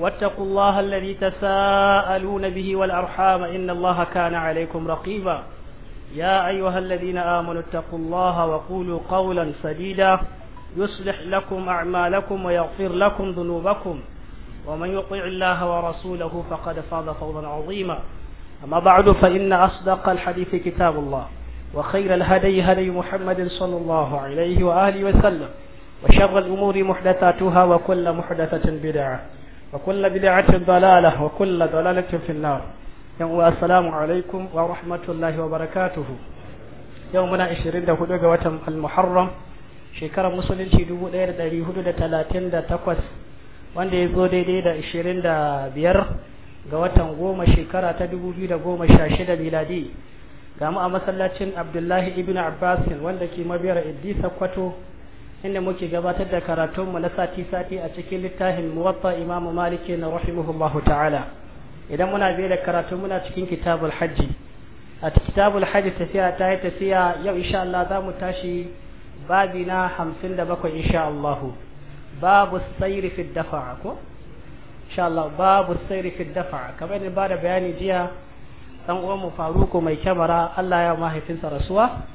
واتقوا الله الذي تساءلون به والأرحام إن الله كان عليكم رقيبا يا أيها الذين آمنوا اتقوا الله وقولوا قولا سديدا يصلح لكم أعمالكم ويغفر لكم ذنوبكم ومن يطع الله ورسوله فقد فاز فوضا عظيما أما بعد فإن أصدق الحديث كتاب الله وخير الهدي هدي محمد صلى الله عليه وآله وسلم وشر الأمور محدثاتها وكل محدثة بدعة وكل بدعة ضلالة وكل ضلالة في النار السلام عليكم ورحمة الله وبركاته يومنا 24 ga watan al-Muharram shekarar musulunci 1438 wanda ya zo daidai da 25 ga watan goma shekara ta 2016 miladi ga mu a masallacin Abdullahi ibn Abbas wanda ke mabiyar Idrisa Kwato inda muke gabatar da karatunmu na sati-sati a cikin littafin muwatta imamu maliki na rahimahullahu ta'ala idan muna biye da karatu muna cikin kitabul hajji a kitabul hajji tafiya ta yi tafiya yau insha Allah za mu tashi babi na hamsin da bakwai insha Allah babu sayri fi dafa'a ko insha Allah babu sayri fi dafa'a kamar ne ba da bayani jiya dan uwan mu faruku mai kyamara Allah ya mahaifinsa rasuwa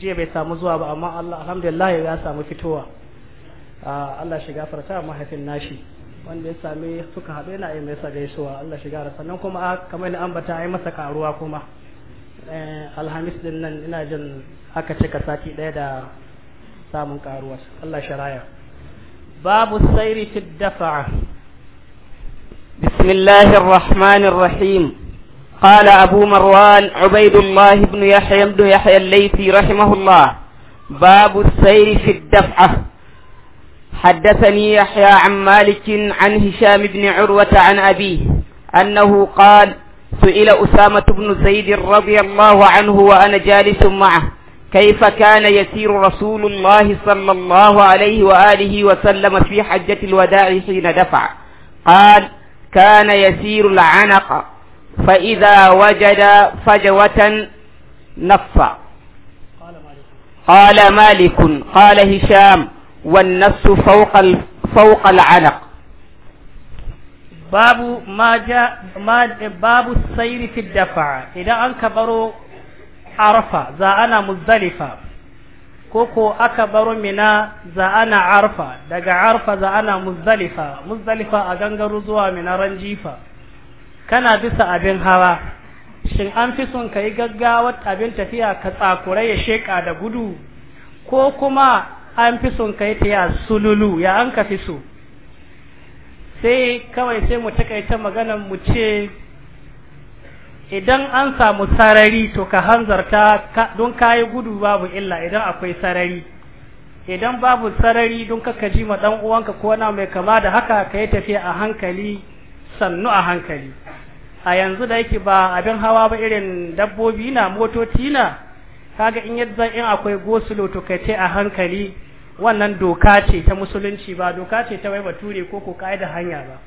jiya bai samu zuwa ba amma Allah alhamdulillah ya samu fitowa ah, Allah shiga farta mahaifin nashi wanda ya sami suka haɗu yana yi masa gaisuwa Allah shiga da sannan kuma ah, kamar na ambata yi masa karuwa kuma eh, alhamis din nan ina jin haka cika sati ɗaya da samun karuwa Allah shiraya babu sairi fi dafa بسم الله الرحمن قال أبو مروان عبيد الله بن يحيى بن يحيى الليثي رحمه الله باب السير في الدفعة حدثني يحيى عن مالك عن هشام بن عروة عن أبيه أنه قال سئل أسامة بن زيد رضي الله عنه وأنا جالس معه كيف كان يسير رسول الله صلى الله عليه وآله وسلم في حجة الوداع حين دفع قال كان يسير العنق فإذا وجد فجوة نفى قال مالك قال هشام والنفس فوق فوق العنق babu ma babu sayri fi dafa idan an ka baro arfa za ana muzdalifa koko aka baro mina za ana arfa daga arfa za ana muzdalifa muzdalifa a gangaro zuwa mina jifa kana bisa abin hawa shin an fi son ka yi gaggawa abin tafiya ka tsakura ya sheka da gudu ko kuma an fi son ka yi tafiya sululu ya an ka fi so sai kawai sai mu takaita maganar mu ce idan an samu sarari to ka hanzarta don ka yi gudu babu illa idan akwai sarari idan babu sarari don kaka ji ma dan uwanka ko na mai kama da haka ka yi tafiya a hankali sannu a hankali a yanzu da yake ba abin hawa ba irin dabbobi na motoci na kaga in yadda in akwai gosulo to kai a hankali wannan doka ce ta musulunci ba doka ce ta wai bature ko ko da hanya ba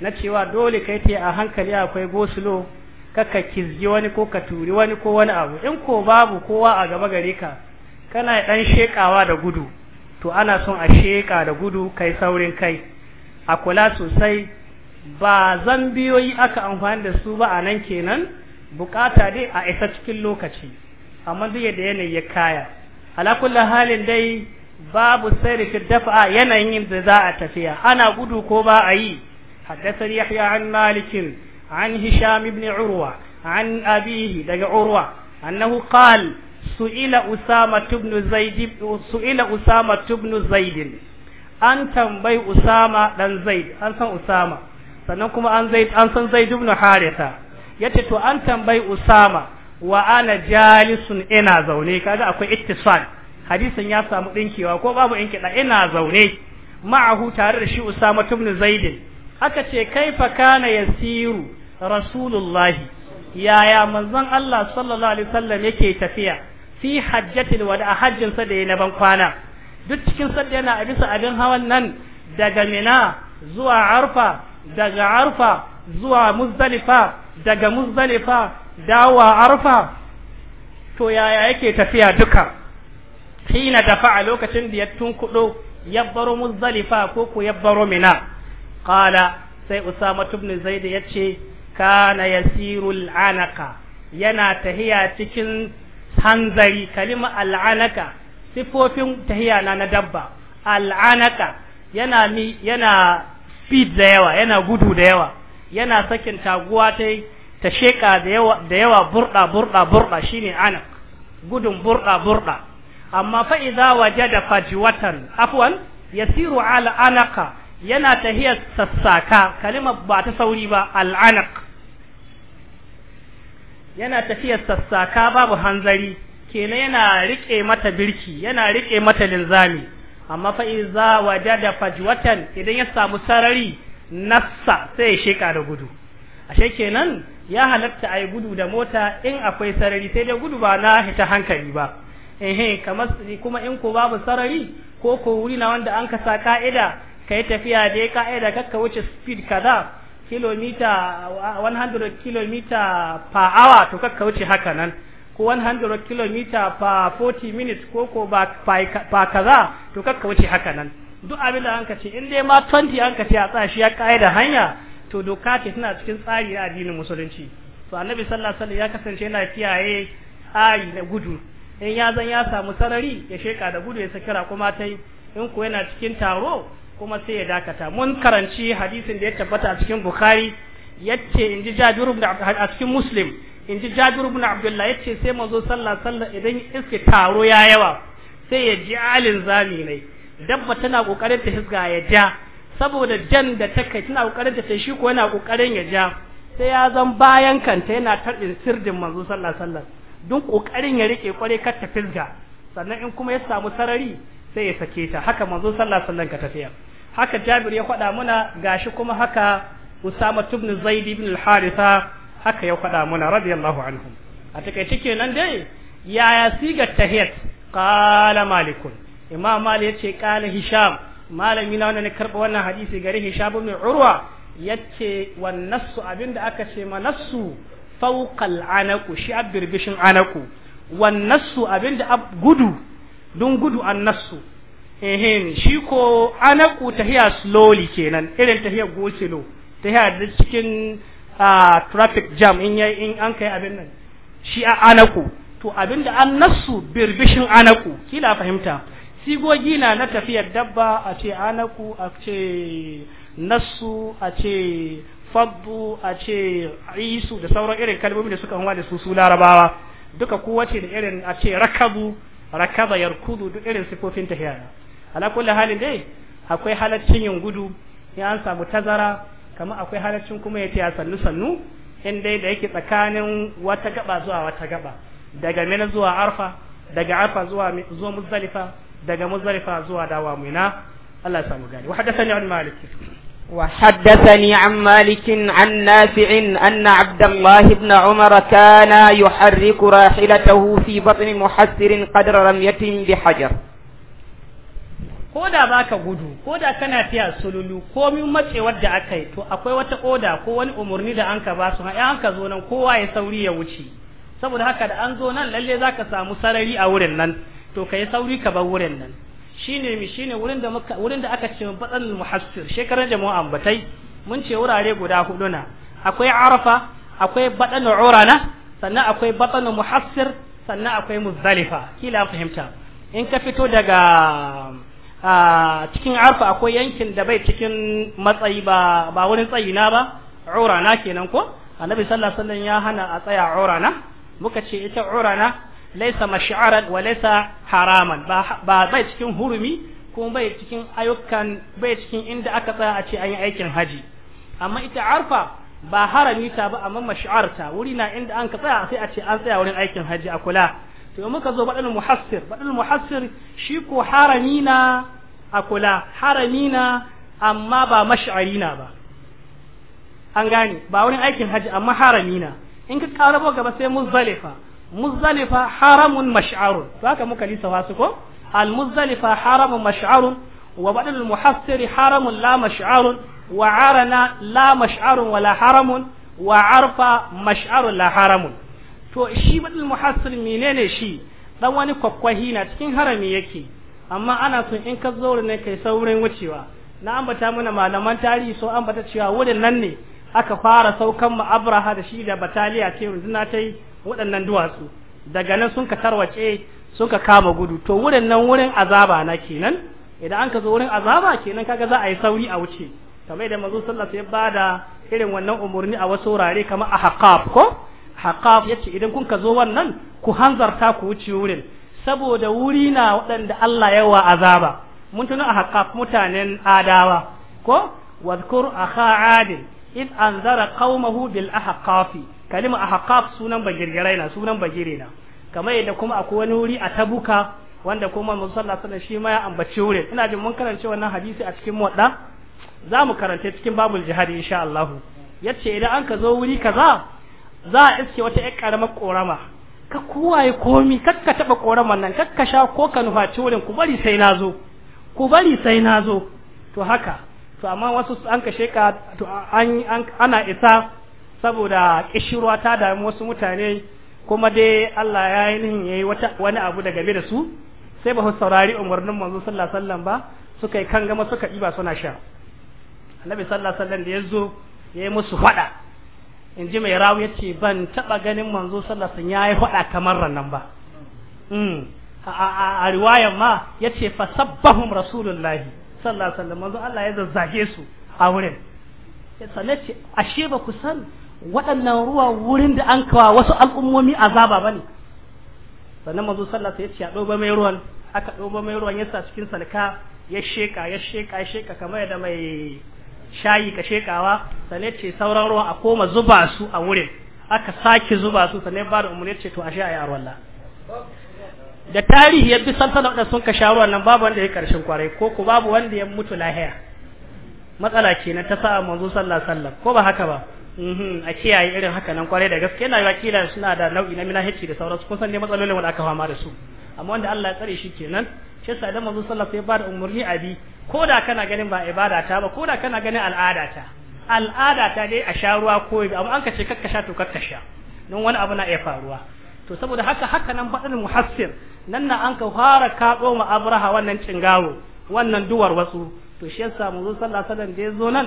na cewa dole kai ta a hankali akwai gosulo kaka kizgi wani ko ka turi wani ko wani abu in ko babu kowa a gaba gare ka kana dan shekawa da gudu to ana son a sheka da gudu kai saurin kai a kula sosai ba zan biyoyi aka amfani da su ba a nan kenan bukata dai a isa cikin lokaci amma duk yadda yanayi ya kaya alakullar halin dai babu sai dafa yanayin da za a tafiya ana gudu ko ba a yi haddasar yahya an malikin an hisham ibn urwa an abihi daga urwa annahu qal su'ila usama ibn zaid su'ila usama ibn zaid an tambayi usama dan zaid an san usama sannan kuma an zai an san zaid ibn yace to an tambayi usama wa ana jalisun ina zaune kaga akwai ittisal hadisin ya samu dinkewa ko babu inkida ina zaune ma'ahu tare da shi usama ibn zaid aka ce kaifa kana yasiru rasulullahi yaya manzon Allah sallallahu alaihi wasallam yake tafiya fi hajjatil wada hajjin sa da yana ban kwana duk cikin sa yana a bisa abin hawan nan daga mina zuwa arfa daga arfa zuwa muzdalifa daga muzdalifa dawa arfa to yaya yake tafiya duka hina dafa a lokacin da ya tunkudo ya baro muzdalifa ko ku ya mina qala sai usama ibn zaid yace kana yasiru al'anaka yana tahiya cikin hanzari kalima al'anaka sifofin tahiya na na dabba al'anaka yana yana speed da yawa yana gudu da yawa yana sakin taguwa ta ta sheka da yawa da yawa burda burda burda shine anak gudun burda burda amma fa idza wajada fajwatan afwan yasiru ala anaka yana tahiyar sassaka kalimar ba ta sauri ba al'anak. yana tafiyar sassaka babu hanzari kenan yana rike mata birki yana rike mata linzami amma fa iza wajada fajwatan idan ya samu sarari nassa sai ya sheka da gudu ashe kenan ya halatta ai gudu da mota in akwai sarari sai dai gudu ba na hita hankali ba ehe kamar kuma in ko babu sarari ko ko wuri na wanda an kasa ka'ida kai tafiya da ya ka'ida kakka wuce speed kaza kilomita 100 kilomita per hour to kakka wuce haka nan ko 100 km per 40 minutes ko ko ba pa kaza to kakka wuce haka nan duk abin da anka ce in dai ma 20 anka ce a tsashi ya da hanya to doka ce tana cikin tsari na addinin musulunci to annabi sallallahu alaihi wasallam ya kasance yana kiyaye tsari na gudu in ya zan ya samu sarari ya sheka da gudu ya sakira kuma tai in ko yana cikin taro kuma sai ya dakata mun karanci hadisin da ya tabbata a cikin bukhari yace in ji jabir ibn a cikin muslim in ji jabir ibn abdullah ce sai manzo sallah sallah idan iske taro ya yawa sai ya ji alin zami ne dabba tana kokarin ta hisga ya ja saboda jan da ta kai tana kokarin ta shi ko yana kokarin ya ja sai ya zan bayan kanta yana tarbin sirdin manzo sallah sallah duk kokarin ya rike kware kar ta fisga sannan in kuma ya samu sarari sai ya sake ta haka manzo sallah sallah ka tafiya haka jabir ya faɗa muna gashi kuma haka usama ibn zaid ibn al-haritha haka ya faɗa mana radiyallahu anhu a takaice kenan dai yaya siga tahiyat qala malikun imam malik yace qala hisham malami na wannan karba wannan hadisi gare hisham ibn urwa yace wan nassu abinda aka ce ma nassu al anaku shi abirbishin anaku wan nassu abinda ab gudu dun gudu an nassu ehem shi ko anaku tahiya slowly kenan irin tahiya gosilo tahiya da cikin a traffic jam in yayi in an kai abin nan shi a anaku to abin da an nasu birbishin anaku kila fahimta sigogi na na tafiyar dabba a ce anaku a ce nasu a ce fabbu a ce isu da sauran irin kalmomi da suka hanwa da su su larabawa duka kowace da irin a ce rakabu rakaba kudu duk irin sifofin tafiya ala kulli halin dai akwai halaccin yin gudu in an samu tazara kama akwai halaccin kuma ya ce sannu sannu in dai da yake tsakanin wata gaba zuwa wata gaba daga mina zuwa arfa daga arfa zuwa zuwa muzdalifa daga muzdalifa zuwa dawa mina Allah samu gani wa hadathani an malik وحدثني عن مالك عن نافع أن عبد الله بن عمر كان يحرك fi في بطن محسر قدر رمية hajar. ko da baka gudu ko da kana tiya sululu komin matsewar da aka yi to akwai wata oda ko wani umarni da anka ba su ya anka zo nan kowa ya sauri ya wuce saboda haka da an zo nan lalle zaka samu sarari a wurin nan to kai sauri ka bar wurin nan shine mi shine wurin da wurin da aka ce batsan muhassir shekaran jama'an batai mun ce wurare guda hudu na akwai arafa akwai batsan urana sannan akwai batsan muhassir sannan akwai muzdalifa kila fahimta in ka fito daga a cikin arfa akwai yankin da bai cikin matsayi ba ba wurin tsayi na ba urana kenan ko annabi sallallahu alaihi wasallam ya hana a tsaya urana muka ce ita urana laisa mash'aran wa laisa haraman ba bai cikin hurumi ko bai cikin ayyukan bai cikin inda aka tsaya a ce an yi aikin haji amma ita arfa ba harami ta ba amma mashiarta wuri na inda an ka tsaya sai a ce an tsaya wurin aikin haji a kula to muka zo badal muhassir badal muhassir shi ko harami na a harami na amma ba mash'ari na ba an ba wurin aikin haji amma harami na in ka karabo gaba sai muzdalifa muzdalifa haramun mash'arun to haka muka lisa wasu ko al muzdalifa haramun mash'arun wa badal muhassir haramun la mash'arun wa arana la mash'arun wala haramun wa arfa mash'arun la haramun to shi badal muhassir menene shi dan wani kwakwahi na cikin harami yake amma ana so in ka zo ne kai saurin wucewa na ambata mana malaman tarihi so ambata cewa wurin nan ne aka fara saukan mu abraha da shi da bataliya ce runduna ta yi waɗannan duwatsu daga nan sun ka tarwace sun ka kama gudu to wurin nan wurin azaba na kenan idan an ka zo wurin azaba kenan kaga za a yi sauri a wuce kamar da manzo sallallahu alaihi wasallam ya bada irin wannan umurni a wasu wurare kamar a ko haƙaf ya ce idan kun ka zo wannan ku hanzarta ku wuce wurin saboda wuri na waɗanda Allah yawa azaba mun tuna a haƙaf mutanen adawa ko wadkur akha adin iz anzara qaumahu bil ahqafi kalima ahqaf sunan bagirgirai na sunan bagire na kamar yadda kuma akwai wani wuri a tabuka wanda kuma musalla sallallahu shi ma ya ambaci wurin ina jin mun karance wannan hadisi a cikin muwadda za mu karanta cikin babul jihadi insha Allah yace idan an ka zo wuri kaza za a iske wata ƴar ƙaramar ƙorama ka kowaye komi kakka taɓa ƙoraman nan kakka sha ko ka nufaci wurin ku bari sai nazo zo ku bari sai na zo to haka to amma wasu an kashe ka to an ana isa saboda kishirwa ta damu wasu mutane kuma dai Allah ya yi nihin yayi wata wani abu da game da su sai ba su saurari umarnin manzo sallallahu alaihi wasallam ba suka yi kan gama suka iba suna sha annabi sallallahu alaihi wasallam da yazo yayi musu faɗa. in ji mai rawu yace ban taba ganin manzo sallallahu alaihi wasallam yayi fada kamar rannan ba mm a riwayar ma yace fa sabbahum rasulullahi sallallahu alaihi wasallam manzo Allah ya zazzage su a wurin sannan ce ashe ba ku san waɗannan ruwa wurin da an kawa wasu al'ummomi azaba bane sannan manzo sallallahu alaihi wasallam yace a doba mai ruwan aka doba mai ruwan yasa cikin salka ya sheka ya sheka ya sheka kamar da mai shayi ka shekawa sannan ce sauran ruwa a koma zuba su a wurin aka sake zuba su sannan ba da umarni ce to ashe a yi Allah da tarihi ya bi sansanin da sun ka sharuwa nan babu wanda ya karshen kwarai ko ko babu wanda ya mutu lahiya matsala kenan ta sa'a manzo sallallahu sallam ko ba haka ba mhm, a kiyaye irin haka nan kwarai da gaske yana yi kila suna da nau'i na minahici da sauransu kun san ne matsalolin wanda aka fama da su amma wanda Allah ya tsare shi kenan shi yasa da manzo sallallahu alaihi wasallam ya bada umurni abi koda kana ganin ba ibada ta ba koda kana ganin al'ada ta al'ada ta dai a sha ruwa ko amma an ka ce sha to kakkasha sha don wani abu na iya faruwa to saboda haka haka nan badal muhassir nan na an ka fara kaɗo ma abraha wannan cingawo wannan duwar wasu to shi yasa manzo sallallahu alaihi wasallam da ya zo nan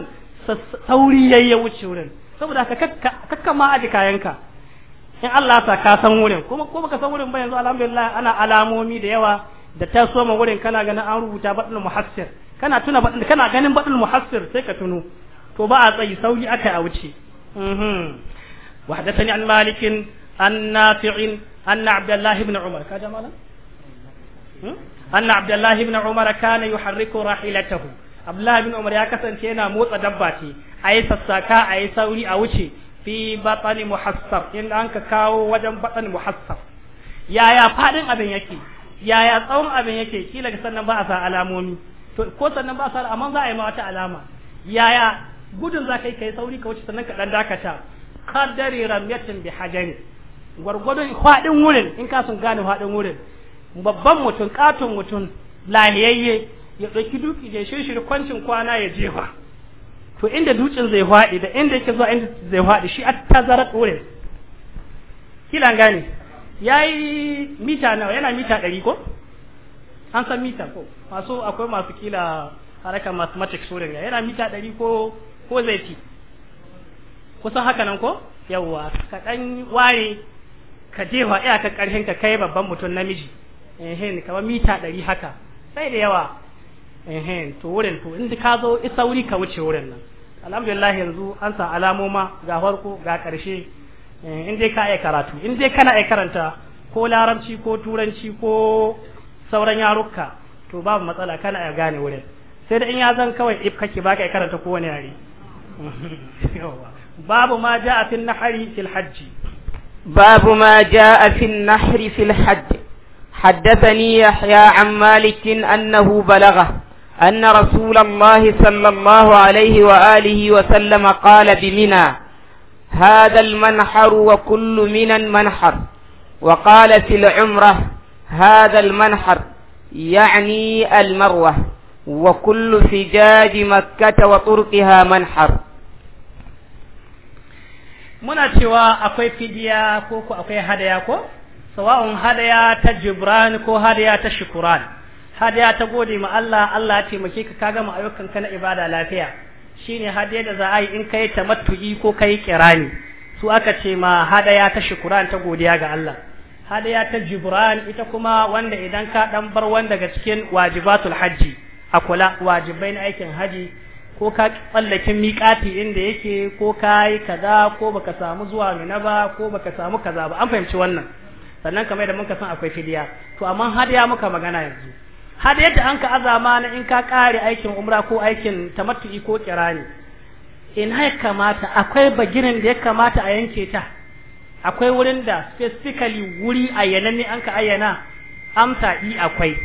sauri yayye wuce wurin saboda haka kakka ma aji kayanka in Allah sa ka san wurin kuma ko baka san wurin ba yanzu alhamdulillah ana alamomi da yawa da ta soma wurin kana ganin an rubuta badul muhassir kana tuna kana ganin badul muhassir sai ka tuno to ba a tsayi sauki aka a wuce mhm wa hadathani an malik an nafi' an abdullah ibn umar ka jama'a hmm? an abdullah ibn umar kana yuharriku rahilatahu abdullah ibn umar ya kasance yana motsa dabba ce ayi sassaka ayi sauri a wuce fi batani muhassar in an ka kawo wajen batani muhassar yaya fadin abin yake yaya tsawon abin yake kila ga sannan ba a sa alamomi to ko sannan ba a sa amma za a yi ma alama yaya gudun za ka yi kai sauri ka wuce sannan ka dan dakata qaddari ramyatin bi hajani gwargwadon fadin wurin in ka sun gane fadin wurin babban mutum katon mutum lahiyayye ya ɗauki duki da shirshir kwancin kwana ya jefa to inda dutsen zai faɗi da inda yake zuwa inda zai faɗi shi a tazarar ɗorin kila gane ya yi mita nawa yana mita ɗari ko an san mita ko masu akwai masu kila haraka mathematics wurin yana mita ɗari ko ko zai ci kusan haka nan ko yawwa ka ɗan ware ka jefa iyakar ƙarfin ka kai babban mutum namiji ehen kama mita ɗari haka sai da yawa ehen to wurin to in ka zo isa wuri ka wuce wurin nan alhamdulillah yanzu an sa alamoma ga farko ga karshe eh, in dai ka yi karatu in dai kana yi karanta ko laramci ko turanci ko sauran yarukka to babu matsala kana iya gane wurin sai da in ya zan kawai if kake baka iya karanta ko wani yare babu ma ja a fil nahari fil hajji babu ma a fil nahari fil hajji حدثني يحيى عن مالك annahu بلغه أن رسول الله صلى الله عليه وآله وسلم قال بمنى هذا المنحر وكل منى منحر وقال في العمرة هذا المنحر يعني المروة وكل فجاج مكة وطرقها منحر muna cewa akwai fidiya ko akwai hadaya ko sawa'un hadaya ta jibran ko hadaya ta shukuran hadiya ta gode ma Allah Allah ya taimake ka ka gama ayyukan ka na ibada lafiya shine hadiya da za a yi in kai tamattu'i ko kai kirani su aka ce ma hadaya ta shukran ta godiya ga Allah hadaya ta jibran ita kuma wanda idan ka dan bar wanda daga cikin wajibatul hajji a kula wajibai na aikin haji ko ka tsallakin miƙati inda yake ko ka kaza ko baka samu zuwa mina ba ko baka samu kaza ba an fahimci wannan sannan kamar da muka san akwai fidiya to amma hadiya muka magana yanzu har yadda an ka azama na in ka kare aikin umra ko aikin tamattu'i ko kirani ina ya kamata akwai baginin da ya kamata a yanke ta akwai wurin da specifically wuri a ne an ka ayyana amsa i akwai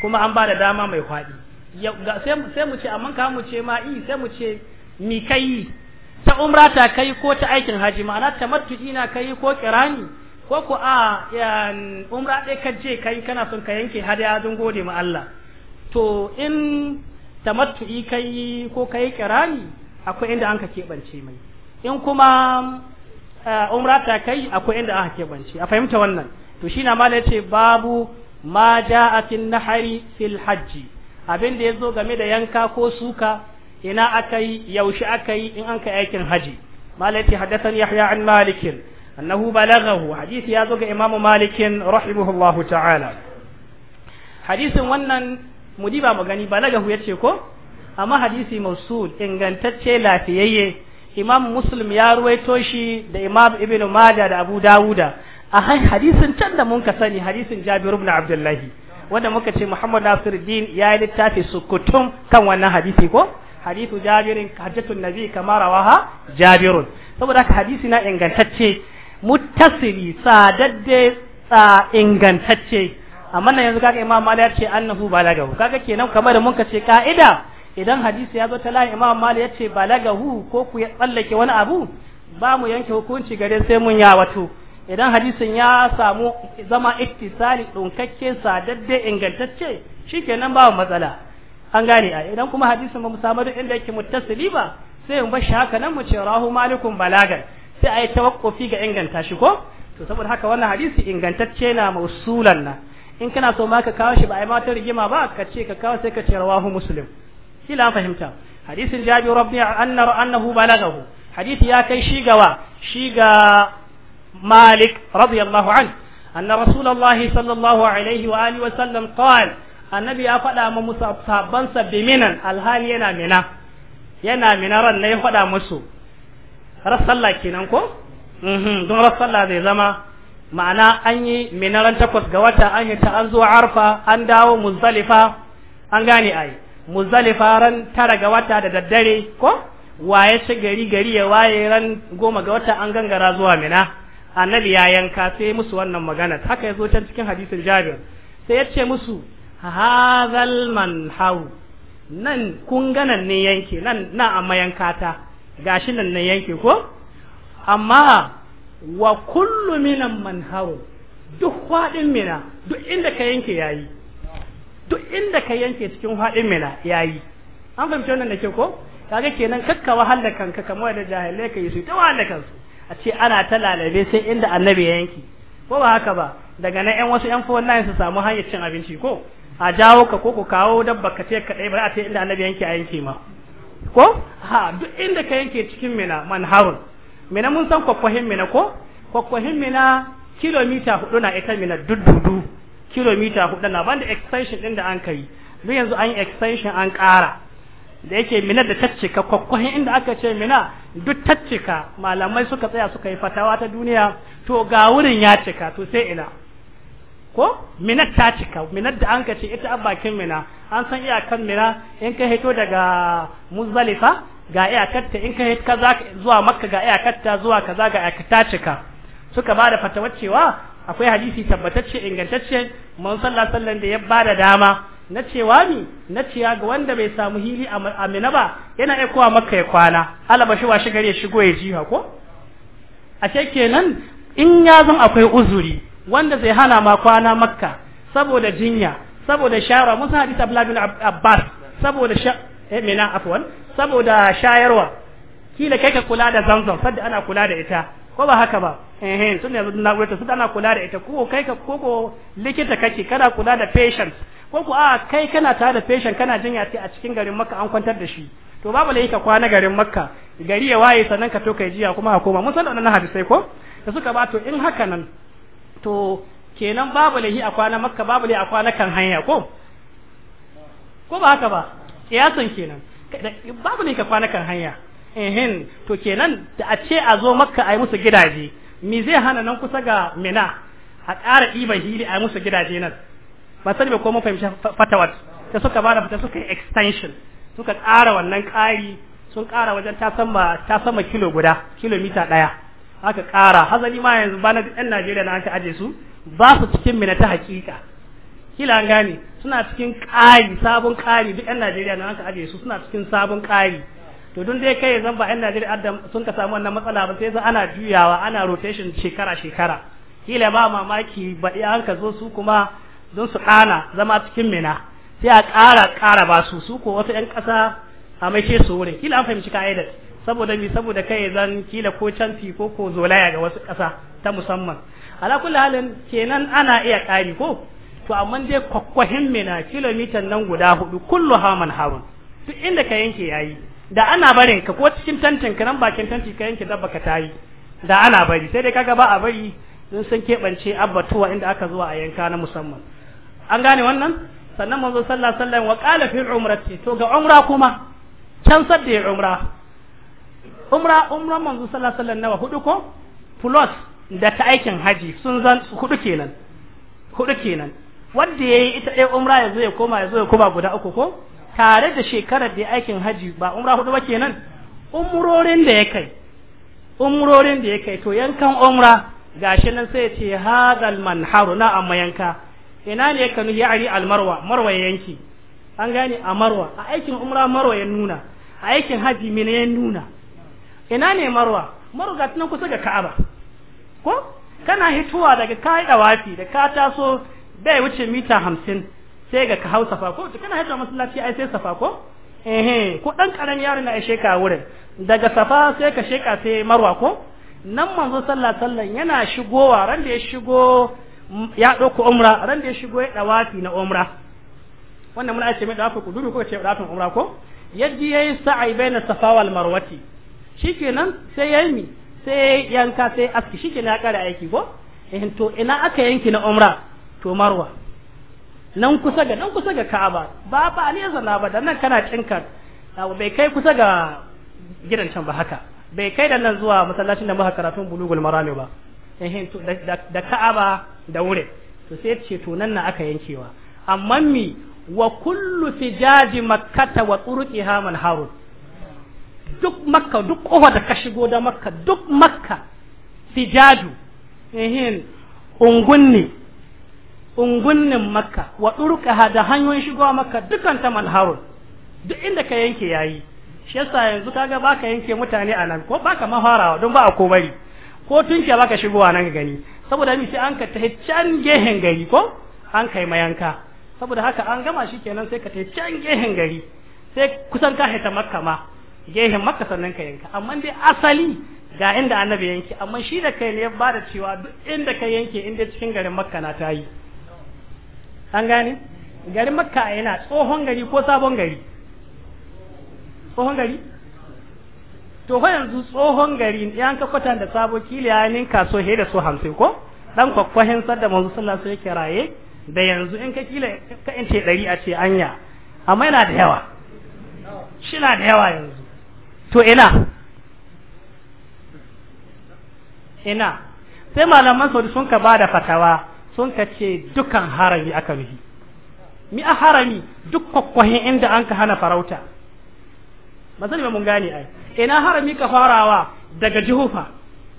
kuma an ba da dama mai faɗi sai mu ce amma ka mu ce ma i sai mu ce mi kai ta umra ta kai ko ta aikin haji ma'ana tamattu'i na kai ko kirani ko ku ah, a umra ɗaya ka je kai kana son ka yanke hadiya don gode ma Allah to in tamattu'i kai ko kai kirani akwai inda an ka keɓance mai in kuma eh, umra ta kai akwai inda aka keɓance a fahimta wannan to shi na mala ce babu ma ja'atin nahari fil hajji abin da ya zo game da yanka ko suka ina aka yi yaushe aka in an ka aikin haji mala ce haddathani yahya an malikin annahu balaghahu hadisi ya zo ga Imam malikin rahimahullahu ta'ala hadisin wannan mudiba mu gani ya ce ko amma hadisi mausul ingantacce lafiyayye Imam Muslim ya ruwaito shi da Imam Ibn Mada da Abu Dawuda a hadisin can da mun ka sani hadisin Jabir ibn Abdullah wanda muka ce Muhammad Nasiruddin ya yi littafin sukutum kan wannan hadisi ko hadisu Jabirin hajjatun Nabi kama rawaha Jabirun saboda haka hadisi na ingantacce sa tsadadde tsa ingantacce amma nan yanzu kaga imam mali ya ce annahu balagahu kaga kenan kamar da muka ce ka'ida idan hadisi ya zo ta lahi imam mali ya ce balagahu ko ku ya tsallake wani abu ba mu yanke hukunci gare sai mun ya wato idan hadisin ya samu zama ittisali dunkakke sadadde ingantacce shikenan ba matsala an gane a idan kuma hadisin ba mu samu da inda yake muttasili ba sai mu bar shi haka nan mu ce rahu malikun balagan sai a yi tawakkofi ga inganta shi ko to saboda haka wannan hadisi ingantacce na mausulan na in kana so ma ka kawo shi ba a yi mata rigima ba ka ce ka kawo sai ka ce rawahu muslim kila fahimta hadisin jabi rabbi anna annahu balagahu hadisi ya kai shi gawa shi ga malik radiyallahu an anna rasulullahi sallallahu alaihi wa alihi wa sallam qala annabi ya faɗa ma musu sahabbansa biminan alhali yana mina yana minaran ne ya faɗa musu rassalla kenan ko mhm, don rassalla zai zama ma'ana an yi minaran takwas ga wata an yi ta an zuwa arfa an dawo muzalifa an gane ai muzalifa ran tara ga wata da daddare ko waye ce gari gari ya waye ran goma ga wata an gangara zuwa mina annabi ya yanka sai musu wannan magana haka ya zo can cikin hadisin jabir sai ya ce musu hazal hau nan kun ganan ne yanke nan na amma yankata gashi nan na yanke ko amma wa kullu minan manharu duk faɗin mina duk inda ka yanke yayi duk inda ka yanke cikin faɗin mina yayi an fahimci wannan da ke ko kaga kenan kakka da kanka kamar da jahilai ka yi su ta wahala kansu a ce ana ta lalabe sai inda annabi ya yanke ko ba haka ba daga na yan wasu yan na su samu hanyar cin abinci ko a jawo ka ko ku kawo dabba ka ce ka ɗaya ba a ce inda annabi yanke a yanke ma ko ha duk inda ka yanke cikin mina manharun mina mun san kwakwahin mina ko kwakwahin mina kilomita hudu na ita mina duddudu kilomita hudu na banda extension din da an kai duk yanzu an yi extension an kara da yake mina da taccika kwakwahin inda aka ce mina duk taccika malamai suka tsaya suka yi fatawa ta duniya to ga wurin ya cika to sai ina ko minat ta cika minat da an ka ce ita bakin mina an san iyakar mina in ka hito daga muzalifa ga iyakarta in ka hito kaza zuwa makka ga iyakarta zuwa kaza ga iyakarta cika suka ba da fatawar cewa akwai hadisi tabbatacce ingantacce mun sallah sallan da ya ba da dama na cewa ni na ciya ga wanda bai samu hili a mina ba yana iya kowa makka ya kwana alaba shi wa shigar ya shigo ya jiha ko ashe kenan in ya zan akwai uzuri wanda zai hana ma kwana makka saboda jinya saboda mun san hadisi abdullahi bin abbas saboda sha eh mena afwan saboda shayarwa kila kai ka kula da zamzam sadda ana kula da ita ko ba haka ba eh eh sun yanzu na wurin sun ana kula da ita ko kai ka ko likita kake kana kula da patient ko ko a kai kana tare da patient kana jinya sai a cikin garin makka an kwantar da shi to babu lai ka kwana garin makka gari ya waye sannan ka to kai jiya kuma ka koma mun san wannan hadisi ko da suka ba to in haka nan to kenan babu lahi a kwana makka babu lahi a kwana kan hanya ko ko ba haka ba san kenan babu lahi ka kwana kan hanya ehin to kenan da a ce a zo makka a yi musu gidaje me zai hana nan kusa ga mina a ƙara ɗiban hili a yi musu gidaje nan ba sani ba ko mun fahimci fatawar ta suka ba da fita suka yi extension suka ƙara wannan ƙari sun ƙara wajen ta sama kilo guda kilomita ɗaya aka ƙara hazali ma yanzu ba na ɗan Najeriya na aka aje su ba su cikin mina ta hakika kila an gane suna cikin ƙari sabon ƙari duk ɗan Najeriya na aka aje su suna cikin sabon ƙari to don dai kai zan ba ɗan Najeriya adda sun ka samu wannan matsala ba sai ana juyawa ana rotation shekara shekara kila ba mamaki ba an ka zo su kuma don su ƙana zama cikin mina sai a ƙara ƙara ba su su ko wasu ƴan ƙasa a maishe su wurin kila an fahimci ka'idar saboda mi saboda kai zan kila ko canci ko ko zolaya ga wasu ƙasa ta musamman ala kulli halin kenan ana iya ƙari ko to amma dai kwakwahin na kilomita nan guda hudu kullu haman harun duk inda ka yanke yayi da ana barin ka ko cikin tantin ka nan bakin tanti ka yanke dabba ka tayi da ana bari sai dai kaga ba a bari sun san keɓance abbatuwa inda aka zuwa a yanka na musamman an gane wannan sannan manzo sallallahu alaihi wasallam wa qala fi umrati to ga umra kuma can sadda ya umra umra umran manzo sallallahu alaihi nawa hudu ko plus da ta aikin haji sun zan hudu kenan hudu kenan wanda yayi ita ɗaya umra yazo ya koma yazo ya koma guda uku ko tare da shekarar da aikin haji ba umra hudu ba kenan umrorin da ya kai umrorin da ya kai to yankan umra gashi nan sai ya ce hadal manharu na amma yanka ina ne ya kanu ya'ri almarwa marwa yanki an gane a marwa a aikin umra marwa ya nuna a aikin haji mene ya nuna ina ne marwa maru ga tunan kusa ga ka'aba ko kana hituwa daga kayi dawafi da ka taso bai wuce mita hamsin sai ga ka hau safa ko to kana hituwa masallaci ai sai safa ko ehe ko dan karamin yaro na aishe ka wurin daga safa sai ka sheka sai marwa ko nan manzo sallallahu alaihi yana shigowa ran da ya shigo ya dauko umra ran da ya shigo ya dawafi na umra wannan mun ce mai dawafi kuduru ko ce dawafin umra ko yadda yayi sa'i baina safa wal marwati shikenan sai ya yi sai ya yanka sai aski shikenan ya kare aiki ko in to ina aka yanki na umra to marwa nan kusa ga nan kusa ga ka'aba ba ba ne zana ba dan nan kana cinkar bai kai kusa ga gidan can ba haka bai kai da nan zuwa masallacin da muka karatu bulugul marami ba eh to da ka'aba da wure to sai ce to nan na aka yankewa amma mi wa kullu fijaji makkata wa turqiha Harun. duk makka duk kofa da ka shigo da makka duk makka sijadu ehin ungunni ungunnin makka wa turqaha da hanyoyin shigowa makka dukan ta malharun duk inda ka yanke yayi shi yasa yanzu kaga baka yanke mutane a nan ko baka maharawa don ba a komai ko tunke baka shigowa nan gani saboda ni sai an ka ta can gehen gari ko an kai mayanka saboda haka an gama shi kenan sai ka ta can gehen gari sai kusan ka haita makka ma gehen maka sannan ka yanka amma dai asali ga inda annabi yanke amma shi da kai ne ya bada cewa duk inda ka yanke inda cikin garin makka na tayi an gane garin makka yana tsohon gari ko sabon gari tsohon gari to fa yanzu tsohon gari ya ka kwata da sabo kila ya ninka so he da so hamsin ko dan kwakwahin sadda manzo sallallahu alaihi wasallam ke raye da yanzu in ka kila ka in dari a ce anya amma yana da yawa shi na da yawa yanzu to ina ina sai malaman saudi sun ka bada fatawa sun ka ce dukan harami aka nuhi mi a harami duk kwakwahin inda an ka hana farauta masani ba mun gane ai ina harami ka farawa daga jihufa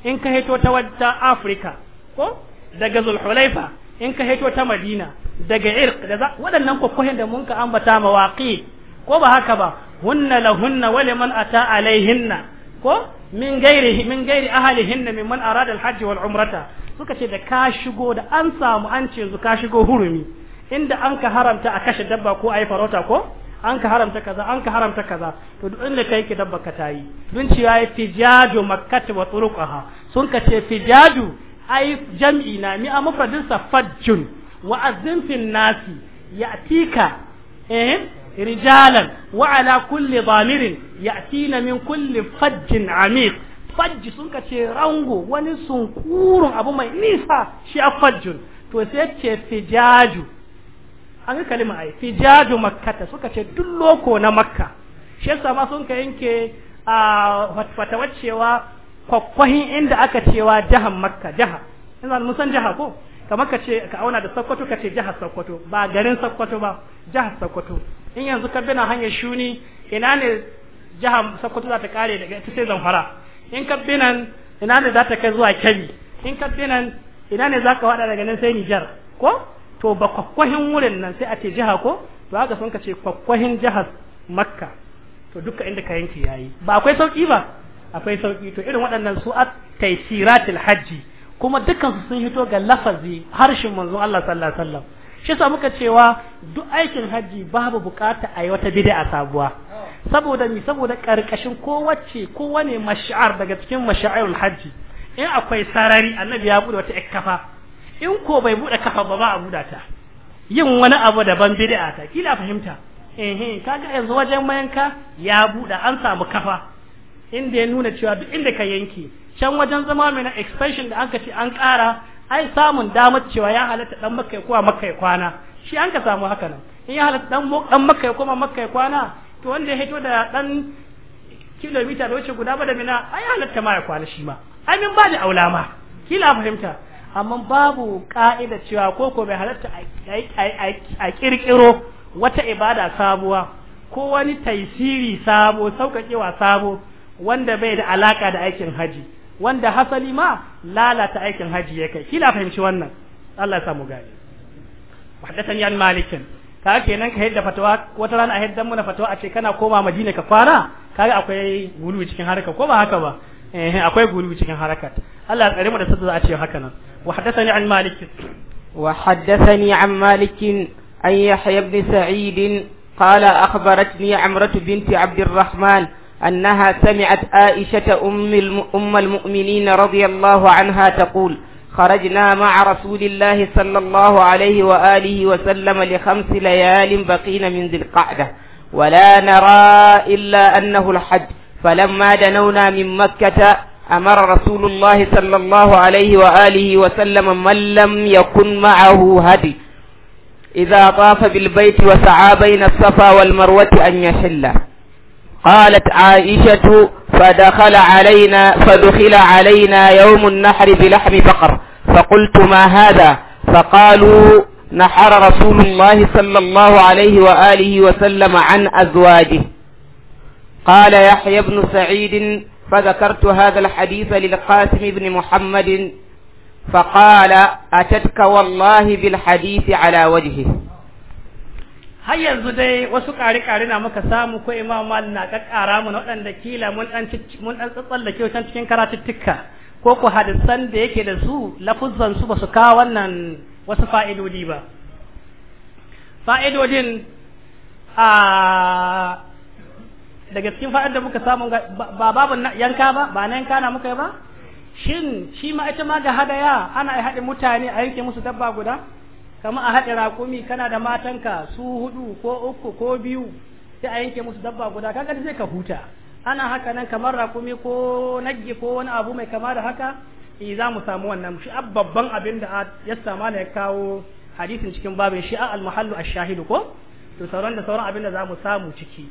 in ka hito ta wata afirka ko daga zulhulaifa in ka hito ta madina daga irk da waɗannan kwakwahin da mun ka ambata mawaƙi ko ba haka ba hunna lahunna wa liman ata alaihinna ko min gairi min gairi ahlihinna mimman arada alhajj wal umrata suka ce da ka shigo da an samu an ce ka shigo hurumi inda an ka haramta a kashe dabba ko ayi farauta ko an ka haramta kaza an ka haramta kaza to duk inda kai ki dabba ka tayi dun ci yayi fijaju makkati wa turuqaha sun ka ce fijadu ai jam'i na mi a mufradin sa fajjun wa azin nasi ya'tika eh rijalan wa'ana kulle bamirin damirin ya'tina min kulli fajjin amiq fajji sun ka ce wani sunkurun abu mai nisa shi a fajjun to sai ce fijaju an ga kalima ai fijaju makkata suka ce duk loko na makka shi yasa ma sun ka yanke a fatawar cewa kwakwahin inda aka cewa jihar makka jiha ina mun san jiha ko kamar ka ce ka auna da sakkwato ka ce jihar sakkwato ba garin sakkwato ba jihar sakkwato in yanzu ka bina hanyar shuni ina ne jihar sokoto za ta kare daga ita sai zamfara in ka binan ina ne za ta kai zuwa kebbi in ka binan ina ne za ka wada daga nan sai nijar ko to ba kwakwahin wurin nan sai a ce jiha ko to haka sun ka ce kwakwahin jihar makka to duka inda ka yanki yayi ba akwai sauki ba akwai sauki to irin waɗannan su at taysiratul hajji kuma dukansu sun hito ga lafazi harshen manzon Allah sallallahu alaihi wasallam shi sa muka cewa duk aikin hajji babu bukata a yi wata bida'a sabuwa saboda ni saboda karkashin kowace kowane mash'ar daga cikin mash'arul hajji in akwai sarari annabi ya bude wata kafa in ko bai bude kafa ba ba a buda ta yin wani abu daban bida'a ta kila fahimta eh kaga yanzu wajen mayanka ya bude an samu kafa inda ya nuna cewa duk inda ka yanke can wajen zama mai na expansion da an ka ce an kara ai samun damar cewa ya halatta dan makai kuwa makai kwana shi an ka samu haka nan in ya halatta dan dan makai kuma makai kwana to wanda ya hito da dan kilomita da wuce guda ba da mina ai halatta ma ya kwana shi ma ai min ba da aula ma kila fahimta amma babu ka'ida cewa ko ko bai halatta a kirkiro wata ibada sabuwa ko wani taisiri sabo sauƙaƙewa sabo wanda bai da alaka da aikin haji wanda hasali ma lalata aikin haji ya kai kila fahimci wannan Allah ya samu gani wahadatan yan malikin ka kenan ka yadda fatawa wata rana a yadda muna fatawa a ce kana koma madina ka kwana kaga akwai gulu cikin haraka ko ba haka ba eh akwai gulu cikin harkar Allah ya tsare mu da sadda a ce haka nan wahadathani an malik وحدثني عن مالك أن يحيى بن سعيد قال أخبرتني عمرة بنت عبد الرحمن أنها سمعت عائشة أم, أم المؤمنين رضي الله عنها تقول خرجنا مع رسول الله صلى الله عليه وآله وسلم لخمس ليال بقين من ذي القعدة ولا نرى إلا أنه الحج فلما دنونا من مكة أمر رسول الله صلى الله عليه وآله وسلم من لم يكن معه هدي إذا طاف بالبيت وسعى بين الصفا والمروة أن يحله قالت عائشة فدخل علينا فدخل علينا يوم النحر بلحم بقر فقلت ما هذا فقالوا نحر رسول الله صلى الله عليه وآله وسلم عن أزواجه قال يحيى بن سعيد فذكرت هذا الحديث للقاسم بن محمد فقال أتتك والله بالحديث على وجهه har yanzu dai wasu ƙari-ƙari na muka samu ko imam malik na ƙaƙƙara mu na waɗanda kila mun ɗan mun tsallake wajen cikin karatuttuka ko ku hadisan da yake da su lafuzan su ba su kawo wannan wasu fa'idodi ba fa'idodin a daga cikin fa'idar da muka samu ba babu yanka ba ba na yanka na muka yi ba shin shi ma ita ma ga hadaya ana haɗin mutane a yanke musu dabba guda kamar a haɗe raƙumi kana da matanka su hudu ko uku ko biyu sai a yanke musu dabba guda kaga sai ka huta ana haka nan kamar raƙumi ko nagge ko wani abu mai kama da haka eh za mu samu wannan shi babban abin da ya sama ya kawo hadisin cikin babin shi a muhallu ash-shahidu ko to sauran da sauran abin da za mu samu ciki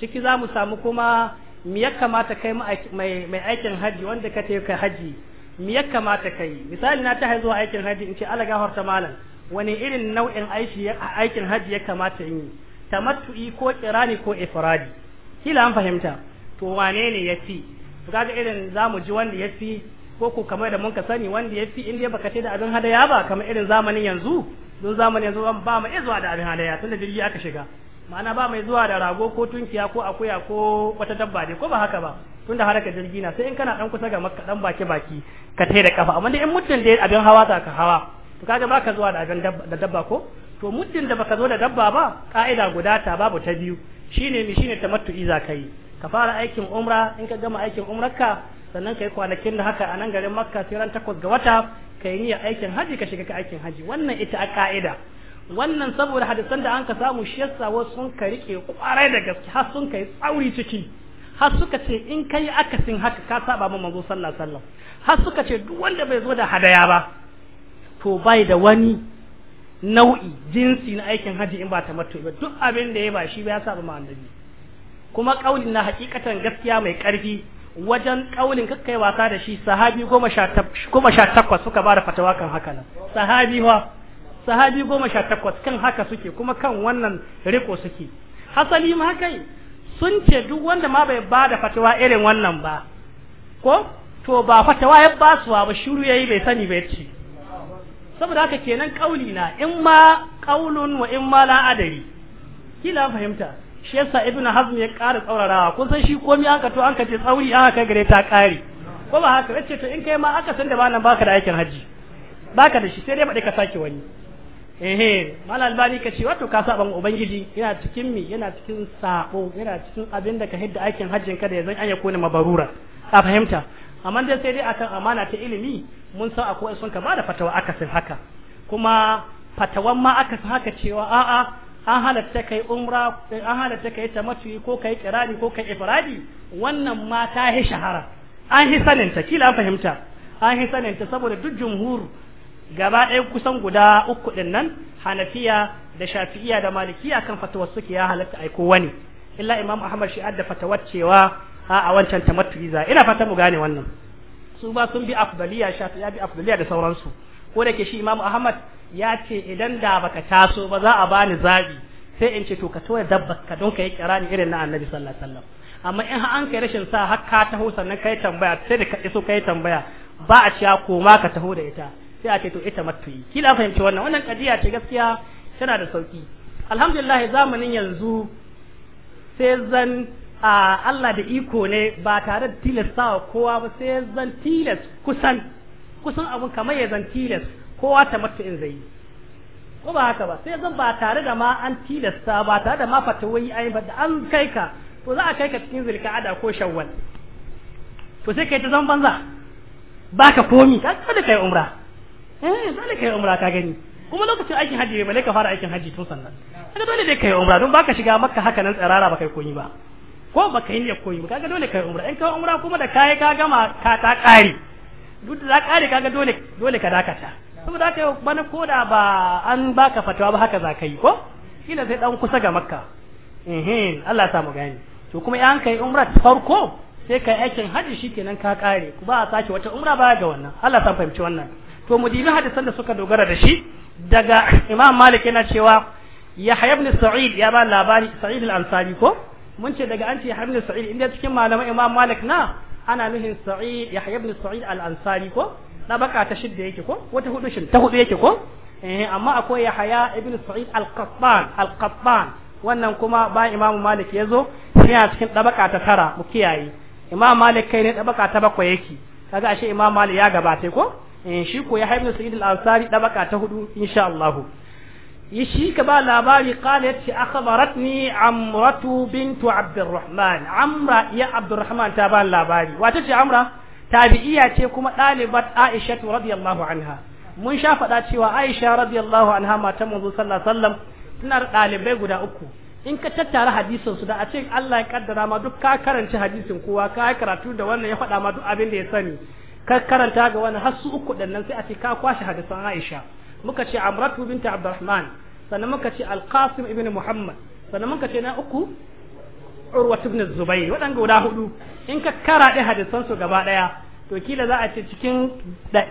ciki za mu samu kuma me ya kamata kai mai aikin haji wanda ka kai haji me ya kamata kai misali na ta haizuwa aikin haji in ce ala ta malam wani irin nau'in aiki aikin hajji ya kamata in yi tamattu'i ko kirani ko ifradi kila an fahimta to wane ne yafi to kaga irin zamu ji wanda fi ko ko kamar da mun ka sani wanda ya fi in dai baka ce da abin hadaya ba kamar irin zamanin yanzu don zamanin yanzu ba mu izuwa da abin hadaya tunda jirgi aka shiga ma'ana ba mai zuwa da rago ko tunkiya ko akuya ko wata dabba ne ko ba haka ba tunda haraka jirgi na sai in kana dan kusa ga makka dan baki baki ka tai da kafa amma dai in mutum dai abin hawa ta ka hawa to kaga baka zuwa da abin da dabba ko to muddin da baka zo da dabba ba ka'ida guda ta babu ta biyu shine mi shine tamattu iza ka ka fara aikin umra in ka gama aikin umrarka sannan ka kwanakin da haka a nan garin makka sai ran takwas ga wata ka yi niyyar aikin haji ka shiga ka aikin haji wannan ita a ka'ida wannan saboda hadisan da an ka samu shi wasu sun ka rike kwarai da gaske har sun kai tsauri ciki har suka ce in kai akasin haka ka saba ma manzo sallallahu alaihi wasallam har suka ce duk wanda bai zo da hadaya ba to bai da wani nau'i jinsi na aikin haji in ba ta mato ba duk abin da ya ba shi ba ya saba ma annabi kuma kaulin na hakikatan gaskiya mai karfi wajen kaulin kakkai wasa da shi sahabi goma sha takwas suka ba da fatawa kan haka nan sahabi wa sahabi goma sha takwas kan haka suke kuma kan wannan riko suke hasali ma kai sun ce duk wanda ma bai ba da fatawa irin wannan ba ko to ba fatawa ya basuwa ba shiru yayi bai sani bai ce saboda haka kenan kauli na in ma kaulun wa in ma la adari kila fahimta shi yasa ibnu hazm ya ƙara tsaurarawa kun san shi komai aka to an ka ce tsauri aka kai gare ta ƙare ko ba haka yace to in kai ma aka san da ba nan baka da aikin haji baka da shi sai dai ba dai ka sake wani ehe mal albani ka ce wato ka saban ubangiji yana cikin mi yana cikin sabo yana cikin abin da ka hidda aikin hajjin ka da yanzu an ya kone mabarura a fahimta amma dai sai dai akan amana ta ilimi mun san akwai sun ka da fatawa akasin haka kuma fatawan ma aka san haka cewa a'a an halatta kai umra an halatta kai tamattu'i ko kai kirani ko kai ifradi wannan ma ta hi shahara an hi saninta kila an fahimta an hi saninta saboda duk jumhur gaba ɗaya kusan guda uku ɗin nan hanafiya da shafi'iya da malikiya kan fatawar suke ya halatta aiko wani illa imam ahmad shi adda fatawar cewa a a wancan tamattu'i za ina fata mu gane wannan su ba sun bi afdaliya shafi ya bi afdaliya da sauransu ko da ke shi Imam Ahmad ya ce idan da baka taso ba za a bani zabi sai in ce to ka tura dabba ka don ka yi kirani irin na Annabi sallallahu alaihi wasallam amma in an kai rashin sa har ka taho sannan kai tambaya sai da ka iso kai tambaya ba a ciya koma ka taho da ita sai a ce to ita mattuyi kila fahimci wannan wannan kadiya ce gaskiya tana da sauki alhamdulillah zamanin yanzu sai zan A Allah da iko ne ba tare da tilasta wa kowa ba sai zan tilas kusan kusan abun kamar ya zan tilas kowa ta mata in zai ko ba haka ba sai zan ba tare da ma an tilasta ba tare da ma fatawai ai ba da an kai ka to za a kai ka cikin ada ko shawwal to sai kai ta zan banza baka komi ka kada kai umra eh dole kai umra ka gani kuma lokacin aikin haji bai ka fara aikin haji tun sannan kaga dole dai kai umra don baka shiga makka haka nan tsirara ba kai komi ba ko baka yi ne koyi ba kaga dole kai umra in ka umra kuma da kai ka gama ka ta kare duk da kare kaga dole dole ka dakata saboda kai bana koda ba an baka fatawa ba haka za ka yi ko kila sai dan kusa ga makka ehem Allah ya samu gani to kuma in kai umra farko sai kai aikin haji shikenan ka kare ba a sake wata umra ba ga wannan Allah ya fahimci wannan to mudibi hadisan da suka dogara da shi daga Imam Malik yana cewa Yahya ibn Sa'id ya ba labari Sa'id al-Ansari ko mun ce daga an ce Yahya ibn Sa'id inda cikin malaman Imam Malik na ana nuhin Sa'id Yahya ibn Sa'id al-Ansari ko na baka ta shidda yake ko wata hudu shin ta hudu yake ko eh amma akwai Yahya ibn Sa'id al-Qattan al-Qattan wannan kuma ba Imam Malik ya yazo yana cikin dabaka ta tara mu kiyaye Imam Malik kai ne dabaka ta bakwai yake kaga ashe Imam Malik ya gabata ko eh, shi ko Yahya ibn Sa'id al-Ansari dabaka ta hudu insha Allah يشيك بقى لاباري قالت أخبرتني عمرة بنت عبد الرحمن عمرة يا ta الرحمن labari wata ce amra تابعية ce kuma عائشة aisha radiyallahu anha mun sha faɗa cewa Aisha radiyallahu anha matan manzo sallallahu alaihi wasallam tana da ɗalibai guda uku in ka tattara hadisin su da a ce Allah ya kaddara ma duk ka karanci hadisin kowa ka karatu da wannan ya faɗa ma duk abin da ya sani ka karanta ga wannan har su uku nan sai a ce ka kwashe hadisan Aisha muka ce amratu binta abdurrahman sannan muka ce alqasim ibn muhammad sannan muka ce na uku urwa ibn zubair wadanga guda hudu in ka kara da hadisan su gaba daya to kila za a ce cikin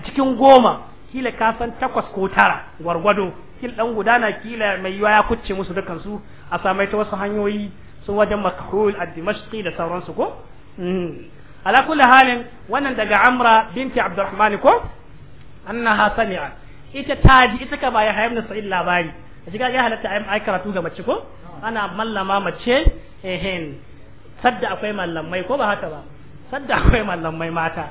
cikin goma kila ka san takwas ko tara gwargwado kila dan gudana kila mai yiwa ya kucce musu dukan su a samai ta wasu hanyoyi sun wajen makhul ad-dimashqi da sauransu ko mm. ala kulli halin wannan daga amra binti abdurrahman ko annaha sami'at ita taji ita ka bayan hayam da sa'id labari a shiga ya halatta yi karatu ga mace ko ana mallama mace ehen sadda akwai mallamai ko ba haka ba sadda akwai mallamai mata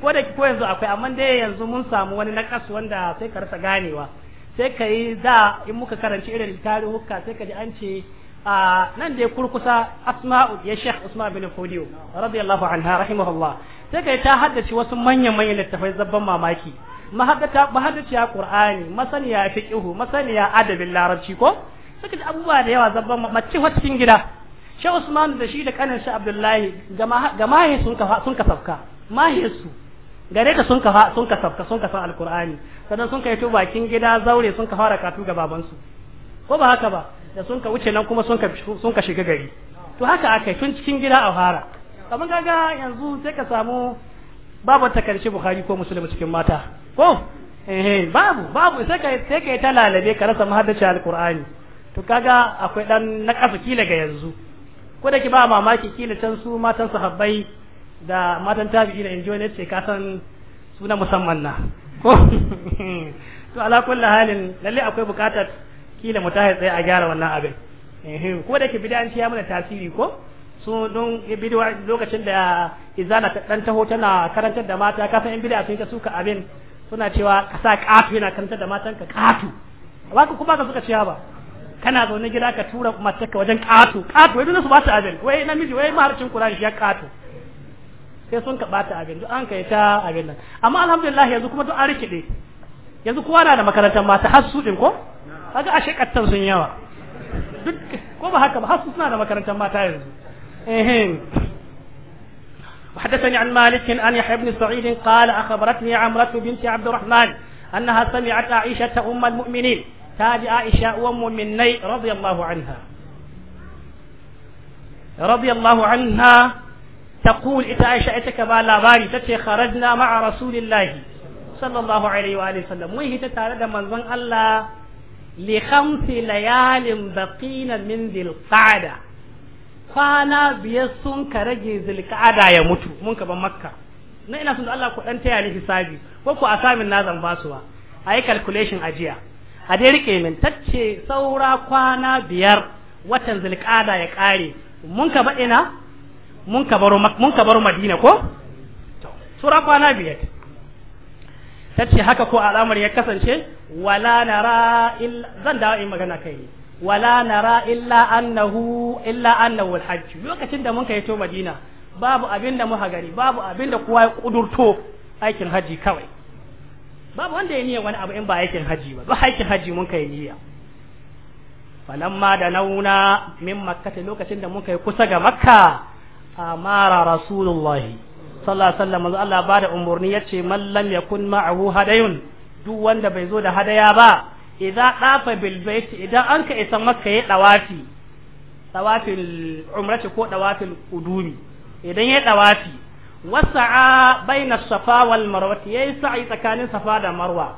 ko da ko yanzu akwai amma dai yanzu mun samu wani nakas wanda sai ka rasa ganewa sai ka yi da in muka karanci irin tarihuka sai ka ji an ce a nan dai kurkusa asma'u ya shekh usman bin fudiyo radiyallahu anha rahimahullah sai ka yi ta haddace wasu manyan manyan littafai zabban mamaki mahadata mahadaciya qur'ani masaniya fiqhu masaniya adabin larabci ko suka ji abubuwa da yawa zabban mace wata cikin gida shi Usman da shi da kanin shi Abdullahi ga mahi sun ka sun ka safka mahi su gare ta sun ka sun ka safka sun ka san alqur'ani sannan sun kai tuba cikin gida zaure sun ka fara katu ga baban su ko ba haka ba da sun ka wuce nan kuma sun ka sun ka shiga gari to haka aka tun cikin gida a fara kamar kaga yanzu sai ka samu babu ta karshe Bukhari ko Muslim cikin mata ko eh babu babu sai ka sai ka ta lalabe ka rasa mahaddaci alqur'ani to kaga akwai dan na kafa kila ga yanzu ko da ki ba mamaki kila can su matan sahabbai da matan da injo ne ce ka san suna musamman na ko to ala kulli halin lalle akwai bukatar kila mu tahi tsaye a gyara wannan abin eh ko da ki bid'anci ya mana tasiri ko su don bidiwa lokacin da izana ta dan taho tana karantar da mata kasan in bid'a sun ta suka abin suna cewa ka sa ƙato yana kanta da matanka ƙato ba ka kuma ka suka ciya ba kana zaune gida ka tura matarka wajen ƙato ƙato wai su ba ta abin wai namiji wai maharcin kur'an shi ya ƙato sai sun ka bata abin duk an kai ta abin nan amma alhamdulillah yanzu kuma duk an rikide yanzu kowa na da makarantar mata har su ko kaga ashe kattan sun yawa duk ko ba haka ba har su suna da makarantar mata yanzu ehem وحدثني عن مالك أن يحيى بن سعيد قال أخبرتني عمرة بنت عبد الرحمن أنها سمعت عائشة أم المؤمنين تاج عائشة أم مني رضي الله عنها رضي الله عنها تقول إتا عائشة إتك باري تتي خرجنا مع رسول الله صلى الله عليه وآله وسلم وهي تتارد من ظن الله لخمس ليال بقين من ذي القعده kwana biyar sun ka rage ada ya mutu mun ka ban makka na ina sun da Allah ku dan taya ni hisabi ko ku asamin na zan basuwa ayi calculation ajiya a dai rike min tacce saura kwana biyar watan ada ya kare mun ka ba ina mun ka baro mun ka baro Madina ko to sura kwana biyar tacce haka ko al'amari ya kasance wala nara illa zan dawo in magana kai wala nara illa annahu illa annahu alhajj lokacin da mun kai to madina babu abinda muka gani babu abinda kowa ya kudurto aikin haji kawai babu wanda ya niyya wani abu in ba aikin haji ba ba aikin haji mun kai niyya falamma da nauna min makkata lokacin da mun kai kusa ga makka amara rasulullahi sallallahu alaihi wasallam Allah ba da umurni yace man lam yakun ma'ahu hadayun duk wanda bai zo da hadaya ba idza dafa bil bait idan an ka isa makka ya dawati dawafil umrati ko dawafil qudumi idan ya dawati wasa'a baina safa wal marwa yayi sa'i tsakanin safa da marwa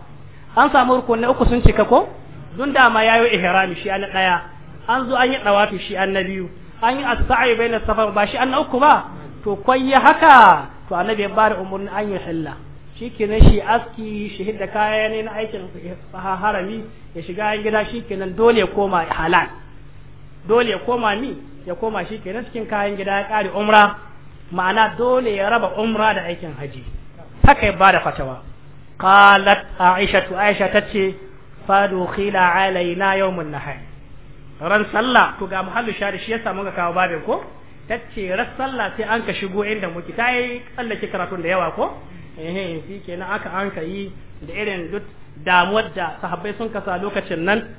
an samu rukunne uku sun cika ko dun da ma yayi ihrami shi an daya an zo an yi dawafi shi an na biyu an yi as-sa'i baina safa ba shi an uku ba to kwai haka to annabi ya bada umurni an yi hilla shi kenan shi aski shi hidda kaya ne na aikin harami ya shiga yan gida shi kenan dole ya koma halal dole ya koma ni ya koma shi kenan cikin kayan gida ya kare umra ma'ana dole ya raba umra da aikin haji haka ya bada fatawa qalat aisha tu aisha tace fadu khila alaina yawmun nahar ran sallah to ga muhallu shari shi yasa muka kawo babin ko tace ran sallah sai an ka shigo inda muke tayi tsallake karatun da yawa ko ehe shi kenan aka an ka yi da irin duk damuwar da sahabbai sun kasa lokacin nan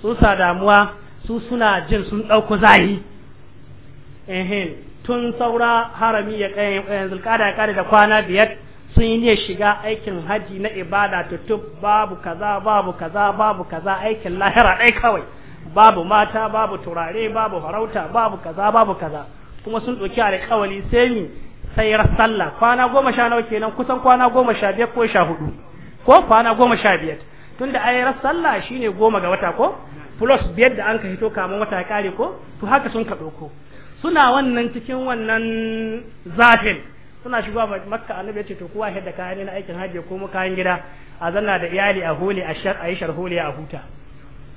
sun sa damuwa su suna jin sun ɗauko zahi ehe tun saura harami ya kai eh, zulkada ya kare da kwana biyar sun yi ne shiga aikin haji na ibada tutub babu kaza babu kaza babu kaza aikin lahira ɗai kawai babu mata babu turare babu farauta babu kaza babu kaza kuma sun ɗauki alƙawali sai ni sai sallah kwana goma sha nawa kenan kusan kwana goma sha biyar ko sha hudu ko kwana goma sha biyar tunda ayyar sallah shine goma ga wata ko plus biyar da an ka hito kamun wata kare ko to haka sun ka ɗauko suna wannan cikin wannan zafin suna shigowa makka annabi ya ce to kowa da kayan na aikin hajji ko mu kayan gida a zanna da iyali a hole a shar a yi a huta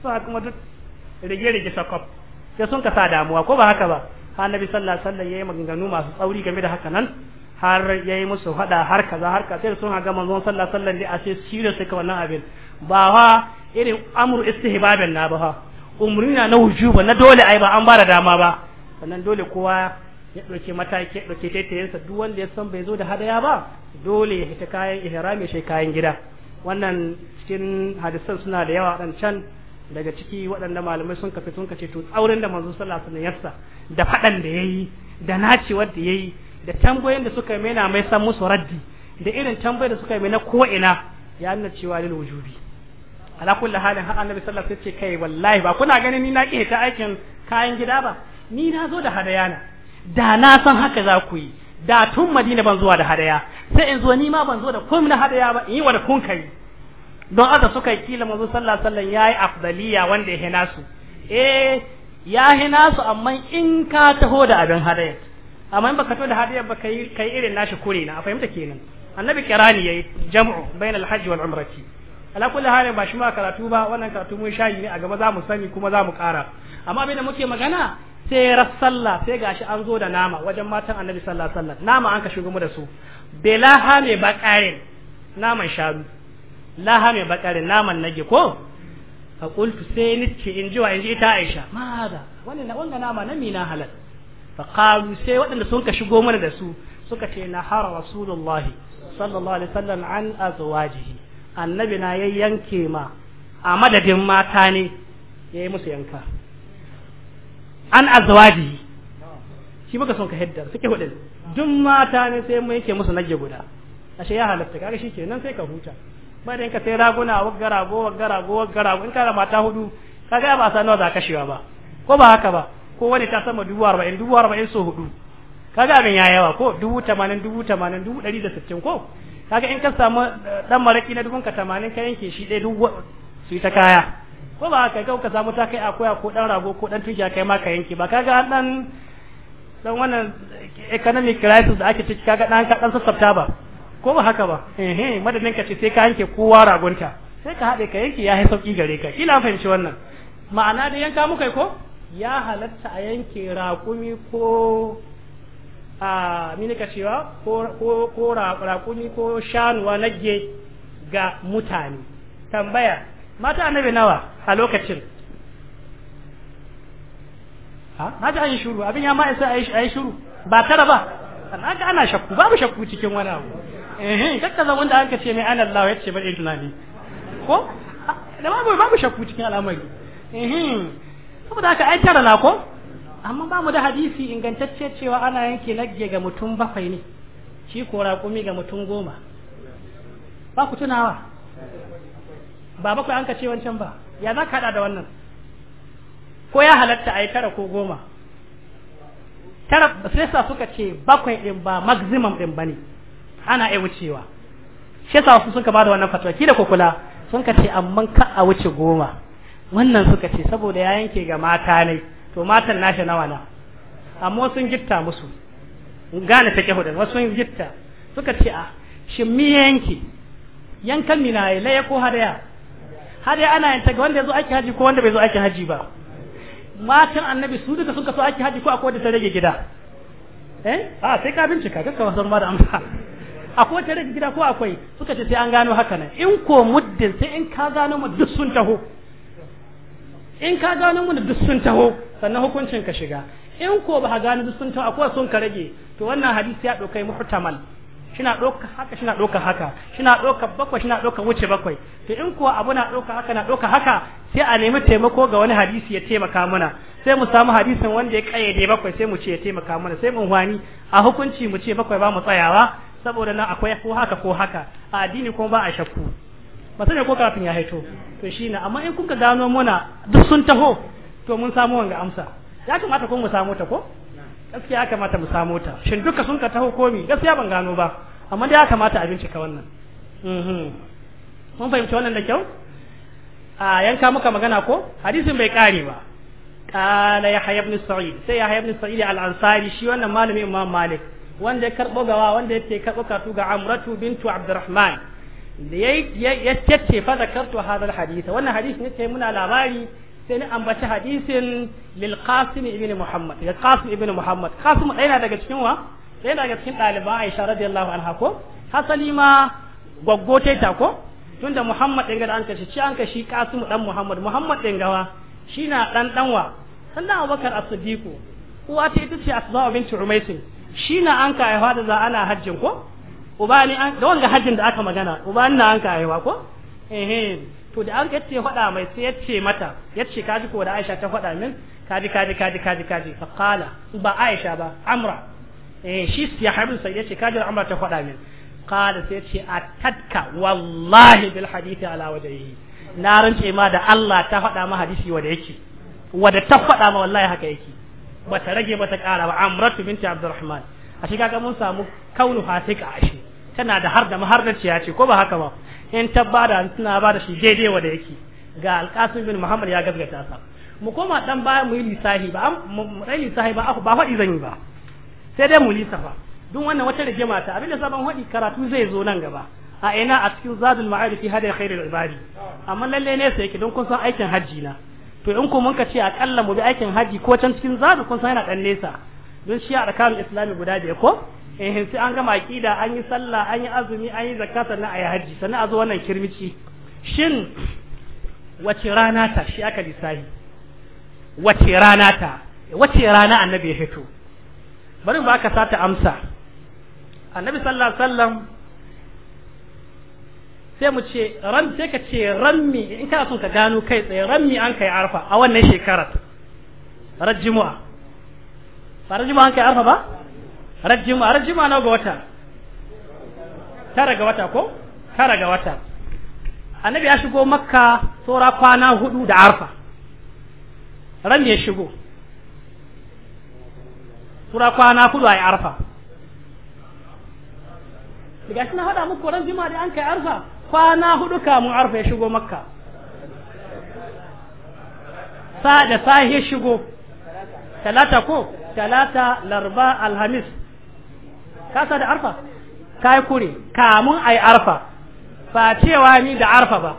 suna kuma duk rige-rige sakwaf sai sun ka sa damuwa ko ba haka ba har nabi sallallahu alaihi wasallam yayi maganganu masu tsauri game da haka nan har yayi musu hada har kaza har kaza sai sun ga manzon sallallahu alaihi wasallam da ashe sai suka wannan abin ba irin amru istihbabin na ba ha umrina na wujuba na dole ai ba an bara dama ba sannan dole kowa ya ɗauke mataki ya ɗauke taitayensa duk wanda ya san bai zo da hadaya ba dole ya fita kayan ihrami shi kayan gida wannan cikin hadisan suna da yawa can. daga ciki waɗanda malamai sun kafe sun kace to tsaurin da manzo sallallahu alaihi wasallam da fadan da yayi da nacewar da yayi da tambayoyin da suka mai na mai san musu raddi da irin tambayoyin da suka mai na ko ina ya nuna cewa lil wujubi ala kulli halin har annabi sallallahu alaihi wasallam ce kai wallahi ba kuna ganin ni na ƙi ta aikin kayan gida ba ni na zo da hadayana da na san haka za ku yi da tun madina ban zuwa da hadaya sai in zo ni ma ban zo da komai na hadaya ba in yi wa da kun kai don haka suka yi kila manzo sallah sallan ya yi afdaliya wanda ya hina su eh ya hina su amma in ka taho da abin hadaya amma in baka taho da hadaya ba kai kai irin nashi kure na a fahimta kenan annabi kirani yayi jam'u bainal hajj wal umrati ala kulli hali ba shi ma karatu ba wannan karatu mun shayi ne a gaba za mu sani kuma za mu kara amma abin da muke magana sai sallah sai gashi an zo da nama wajen matan annabi sallallahu alaihi wasallam nama an ka shigo mu da su bela ne ba karin naman shanu lahame bakare naman nage ko fa qultu sai nice in ji wa in ji ita Aisha ma hada wannan wanga nama na mina halal fa qalu sai waɗanda sun ka shigo mana da su suka ce na hara rasulullahi sallallahu alaihi wasallam an azwajihi annabi na yayyanke ma a madadin mata ne yayi musu yanka an azwajihi shi baka son ka haddar suke hudin duk mata ne sai mu yake musu nage guda ashe ya halatta kaga shi nan sai ka huta mai da ka sai raguna wagga rago wagga rago wagga rago in kana mata hudu kaga ba a sanuwa za kashewa ba ko ba haka ba ko wani ta sama dubu arba'in dubu arba'in so hudu kaga abin ya yawa ko dubu tamanin dubu tamanin dubu ɗari da sittin ko kaga in ka samu dan eh, maraki na dubun ka tamanin ka yanke shi ɗaya dubu su yi ta kaya ko ba haka kai ka samu ta kai koya ko dan rago ko dan tuja kai ma ka yanke ba kaga dan dan wannan economic crisis da ake ciki kaga dan ka dan sassafta ba ko ba haka ba ehe madadin ka ce sai ka yanke kowa ragonta sai ka haɗe ka yanke ya yi sauƙi gare ka kila fahimci wannan ma'ana da yanka muka ko ya halatta a yanke raƙumi ko a ka cewa ko raƙumi ko shanuwa na ge ga mutane tambaya mata annabi nawa a lokacin ha ta yi shuru abin ya ma a yi shuru ba tara ba ana shakku babu shakku cikin wani abu ehe eh, kakka zama wanda an ka ce mai an Allah ya ce bade tunani ko da babu babu shakku cikin al'amari ehe eh, saboda haka ai tara na ko amma ba mu da hadisi ingantacce cewa ana yanke nagge ga mutum bakwai ne shi ko raƙumi ga mutum goma ba ku tunawa ba bakwai an ka ce wancan ba ya za ka haɗa da wannan ko ya halatta a yi tara ko goma tara sai suka ce bakwai ɗin ba maximum ɗin ba ne ana iya wucewa shi yasa wasu suka bada wannan fatawa kila ko kula sun ka ce amma ka a wuce goma wannan suka ce saboda ya yanke ga mata ne to matan nashi nawa na amma sun gitta musu gane take hudu wasu sun gitta suka ce a ah, shi mi yanke yankan mina ya laye ko hadaya hadaya ana yanta ga wanda ya zo aiki haji ko wanda bai zo aiki haji ba matan annabi su duka suka so aiki haji ko akwai da ta rage gida eh a ah, sai ka bincika kakka wasan ba da amsa akwai wata da gida ko akwai suka ce sai an gano haka nan in ko muddin sai in ka gano mu duk sun taho in ka gano mu duk sun taho sannan hukuncin ka shiga in ko ba gano duk sun taho akwai sun ka rage to wannan hadisi ya dauka muhtamal shina dauka haka shina dauka haka shina dauka bakwai shina dauka wuce bakwai to in ko abu na dauka haka na dauka haka sai a nemi taimako ga wani hadisi ya taimaka mana sai mu samu hadisin wanda ya kayyade bakwai sai mu ce ya taimaka mana sai mu hwani a hukunci mu ce bakwai ba mu tsayawa saboda nan akwai ko haka ko haka a addini kuma ba a shakku ba sani ko kafin ya haito to shi na amma in kuka gano muna duk sun taho to mun samu wanga amsa ya kamata ko mu samu ta ko gaskiya ya kamata mu samu ta shin duka sun ka taho komi gaskiya ban gano ba amma da ya kamata a bincika wannan mhm. mun fahimci wannan da kyau a yanka muka magana ko hadisin bai kare ba قال يحيى بن سعيد سي يحيى بن سعيد الأنصاري shi wannan malamin Imam Malik wanda ya karɓo gawa wanda yake karɓo katu ga amratu bintu abdurrahman da ya ya tace fa zakartu hadal hadisa wannan hadith ne ce muna labari sai ni ambaci hadisin lil qasim ibn muhammad ya qasim ibn muhammad qasim ɗaya na daga cikin wa ɗaya daga cikin ɗaliban aisha radiyallahu anha ko hasali ma gwaggote ta ko tunda muhammad ɗin ga an kashi ci an kashi qasim dan muhammad muhammad ɗin gawa shi na ɗan wa sannan abubakar as-siddiq uwa ta ita ce asma'u bintu umaysin shi na an ka haihuwa da za ana hajjin ko uba ne da wanga hajjin da aka magana uba na an ka haihuwa ko eh to da an yace faɗa mai sai yace mata yace kaji ko da Aisha ta faɗa min kaji kaji kaji kaji kaji fa qala ba Aisha ba Amra eh shi ya habin sai yace kaji Amra ta faɗa min qala sai yace atatka wallahi bil hadithi ala wajhihi na rance ma da Allah ta faɗa ma hadisi wanda yake wanda ta faɗa ma wallahi haka yake bata rage bata kara ba amratu binti abdurrahman a shi kaga mun samu kaunu fasika a tana da har da maharnaciya ce ko ba haka ba in ta bada ba da shi daidai da yake ga alqasim bin muhammad ya gaskata sa mu koma dan baya mu yi lisahi ba mu rai lisahi ba ba fadi zan yi ba sai dai mu lisafa duk wannan wata mata ta abinda sabon haɗi karatu zai zo nan gaba a ina a cikin zadul ma'arifi ya hada khairul ibadi amma lalle ne sai ki don kun san aikin hajji na to in ko mun ka ce akalla mu bi aikin haji ko can cikin zabi kun san yana dan nesa don shi a arkanul islami guda biyar ko eh sai an gama aqida an yi sallah an yi azumi an yi zakata sannan a yi haji sannan a zo wannan kirmici shin wace rana ta shi aka lissahi wace rana ta wace rana annabi ya fito bari ba ka sata amsa annabi sallallahu alaihi wasallam sai mu ce ran sai ka ce rammi in kana son ka gano kai tsaye rammi an kai arfa a wannan shekarar rajjimu'a ba rajjimu an kai arfa ba rajjimu'a rajjimu'a na ga wata tara ga wata ko tara ga wata annabi ya shigo makka tsora kwana hudu da arfa ran ya shigo tsora kwana hudu a yi arfa daga shi na haɗa muku ran jima da an kai arfa kwana hudu kamun arfa ya shigo makka sa da sahi shigo talata ko talata larba alhamis kasa da arfa kai kure kamun ai arfa ba cewa ni da arfa ba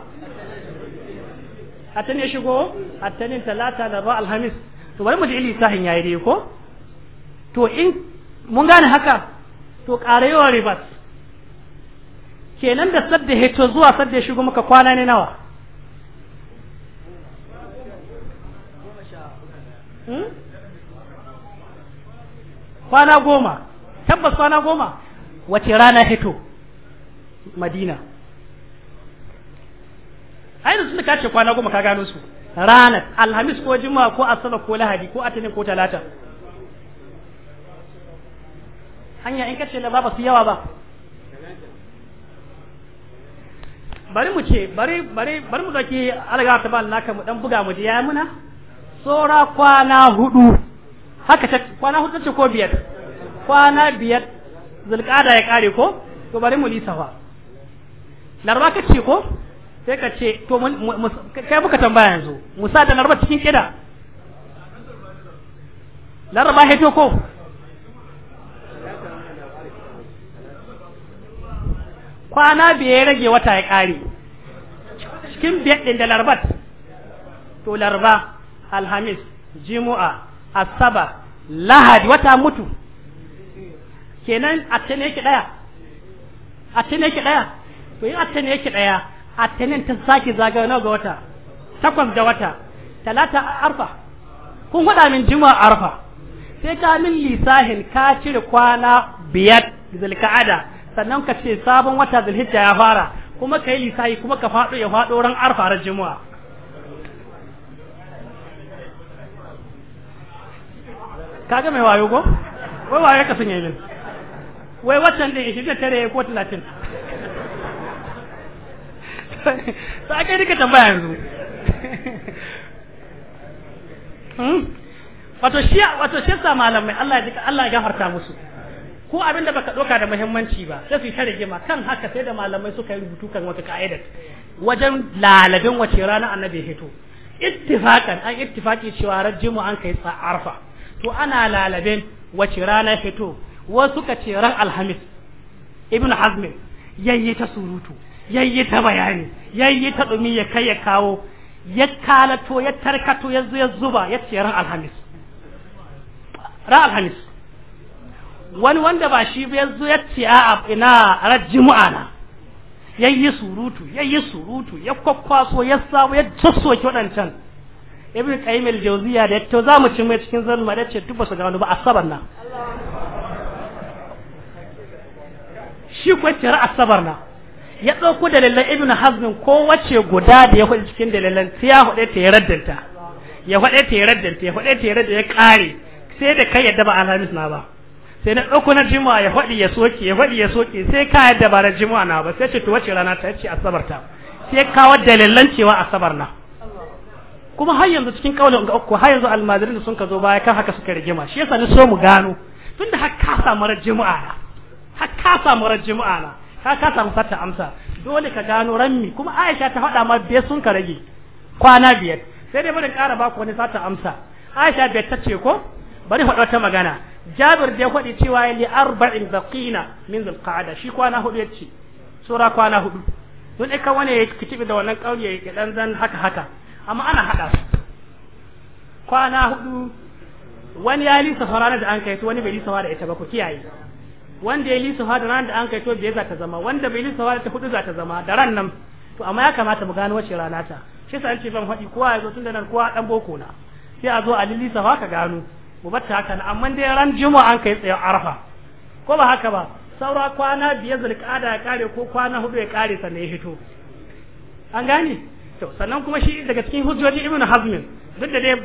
hatta ne shigo hatta ne talata larba alhamis to bari mu ji ili sahin yayi dai ko to in mun gane haka to ƙara yawan ribas kenan da sadda heto zuwa sadda shigo maka kwana ne nawa hmm? kwana goma tabbas kwana goma wace rana hito madina ainihin sun kace kwana goma ka gano su ranar alhamis ko juma'a ko asabar ko lahadi ko atinin ko talata hanya in kace da ba su yawa ba bari mu ce bari bari bari mu zaki alaga ta bal naka mu dan buga mu ji ya muna tsora kwana hudu haka ta kwana hudu ce ko biyar kwana biyar zulqada ya kare ko to bari mu lisafa narba ka ce ko sai ka ce to kai buka tambaya yanzu musa da narba cikin kida larba heto ko kwana biyar rage wata ya kare cikin biyar ɗin da larabat to laraba alhamis jimu'a asaba lahadi wata mutu kenan attene yake daya attene yake ɗaya, to yin attene yake daya attenen ta sake zagaya nawa ga wata takwas ga wata talata arfa kun faɗa min a arfa sai ka min lisahin ka cire kwana biyar zulka'ada sannan ka ce sabon wata zulhijja ya fara kuma kai lisayi kuma ka faɗo ya faɗo ran arfa ran juma'a kaga mai wayo ko wai waye ka sanya min wai watan din shi tare ko talatin sai kai dika tambaya yanzu hmm? wato shi wato shi sa malamai Allah ya Allah ya gafarta musu ko abin da baka ɗauka da muhimmanci ba sai su ta rigima kan haka sai da malamai suka yi rubutu kan wata ka'idar wajen lalabin wace rana annabi hito ittifaqan an ittifaqi cewa rajimu an kai sa arfa to ana lalabin wace rana hito wasu ka ce ran alhamis ibnu hazm yayi ta surutu yayi ta bayani yayi ta dumi ya kai ya kawo ya kalato ya tarkato ya zuba ya ce ran alhamis ran alhamis wani wanda ba shi ya zo ya ce a ina ran juma'a na yayi surutu yayi surutu ya kwakwaso ya samu ya ki wadancan ibn qayyim al-jawziya da to mu ci mai cikin zalma da ce tuba su gano ba asabar na shi ko ce ra asabar na ya dauko dalilan ibn hazm ko wace guda da ya hudu cikin dalilan sai ya hudu ta raddanta ya hudu ta raddanta ya hudu ta raddanta ya kare sai da kai yadda ba alhamis na ba sai na ɗauko na jima'a ya faɗi ya soke ya faɗi ya soke sai ka yadda ba na na ba sai ce to wace rana ta ce asabar ta sai kawo dalilan cewa asabar na kuma har yanzu cikin kaulin ga uku har yanzu almajirin da sun ka zo baya kan haka suka rigima shi yasa ni so mu gano tunda har ka samu ran na haka ka samu ran na ka ka samu fata amsa dole ka gano ranmi kuma Aisha ta faɗa ma biyar sun ka rage kwana biyar sai dai bari ƙara ku wani sata amsa Aisha bai ta ce ko bari faɗa ta magana jabir da ya faɗi cewa li arba'in baqina min zulqa'ada shi kwana hudu yace sura kwana hudu don ka wani ya kitibi da wannan ƙauye ya dan zan haka haka amma ana hada su kwana hudu wani ya lissafa ranar da an kai wani bai lissafa da ita ba ku kiyaye wanda ya lissafa da ranar da an kai to bai za ta zama wanda bai lissafa da ta hudu za ta zama da ran nan to amma ya kamata mu gano wace rana ta shi sa an ce ban faɗi kowa ya zo tun da nan kowa dan boko na sai a zo a lissafa ka gano mu bata haka na amma dai ran juma'a an kai tsayin arfa ko ba haka ba saura kwana biyar zulqa'ada ya kare ko kwana hudu ya kare sannan ya fito an gane to sannan kuma shi daga cikin hujjoji ibnu hazm duk da dai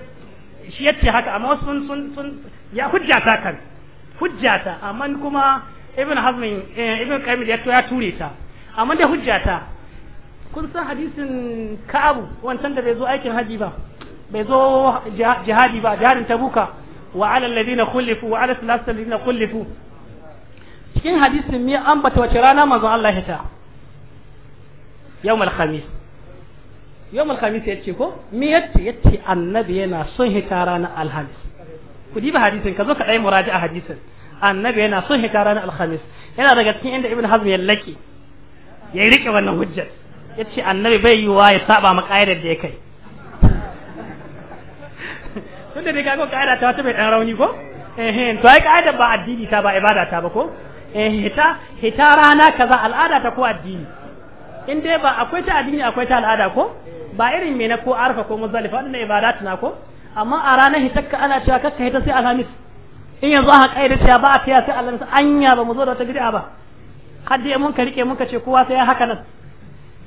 shi yace haka amma wasu sun sun, sun ya hujja ta kan hujja ta amma kuma ibnu hazm eh, ibnu qayyim ya to ya ture ta amma dai hujja ta kun san hadisin ka'abu wancan da bai zo aikin haji ba bai zo jihadi ba jihadin tabuka wa ala alladhina khulifu wa ala thalathati alladhina khulifu cikin hadisin mi an bata wace rana manzon Allah ya ta khamis yawmal khamis yace ko mi yace yace annabi yana son hita ranar alhamis ku diba hadisin ka zo ka muradi a hadisin annabi yana son hita ranar alhamis yana daga cikin inda ibn hazm ya laki ya rike wannan hujjar yace annabi bai yiwuwa ya saba ma da ya kai duk da dai kaga kaida ta wata mai dan rauni ko eh to ai kaida ba addini ta ba ibada ta ba ko eh hita hita rana kaza al'ada ta ko addini in dai ba akwai ta addini akwai ta al'ada ko ba irin me na ko arfa ko muzalifa wannan ibadat na ko amma a ranar hitakka ana cewa kakka hita sai alhamis in yanzu aka kaida cewa ba a taya sai alhamis anya ba mu zo da wata gida ba har dai mun ka rike mun ka ce kowa sai ya haka nan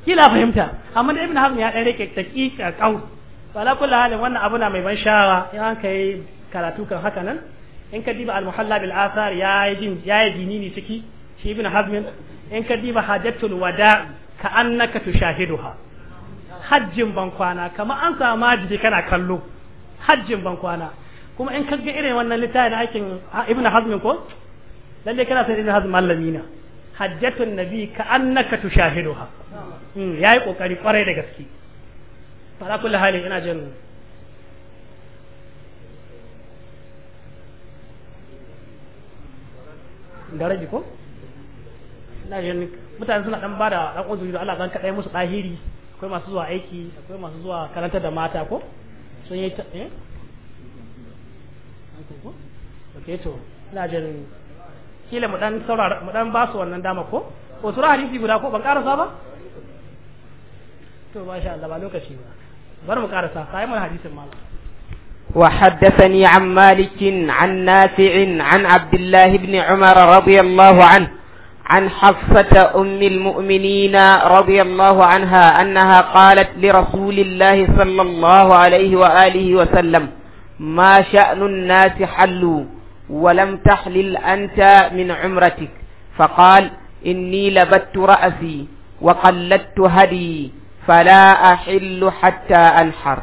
kila fahimta amma da ibn hazm ya dan rike taqiqa qaul to ala kullu halin wannan abu na mai ban sha'awa in an kai karatu kan haka nan in ka diba al-muhalla bil athar ya yi din ya yi dinini ciki shi ibn hazmin in ka diba hajjatul wada ka annaka tushahiduha hajjin ban kwana kamar an samu majiji kana kallo hajjin ban kwana kuma in ka ga irin wannan littafin aikin ibn hazmin ko lalle kana san ibn hazm mallami na hajjatun nabi ka annaka tushahiduha hmm, yayi kokari kwarai da gaske fara kula hali ina jin daraji ko ina jin mutane suna dan bada dan uzuri Allah zan kadai musu dahiri akwai masu zuwa aiki akwai masu zuwa karanta da mata ko sun yi eh okay to ina jin kila mu dan saurara mu dan basu wannan dama ko ko sura hadisi guda ko ban karasa ba to masha Allah ba lokaci ba وحدثني عن مالك عن نافع عن عبد الله بن عمر رضي الله عنه عن حفصة أم المؤمنين رضي الله عنها أنها قالت لرسول الله صلى الله عليه وآله وسلم ما شأن الناس حلوا ولم تحلل أنت من عمرتك فقال إني لبت رأسي وقلدت هدي فلا أحل حتى أنحر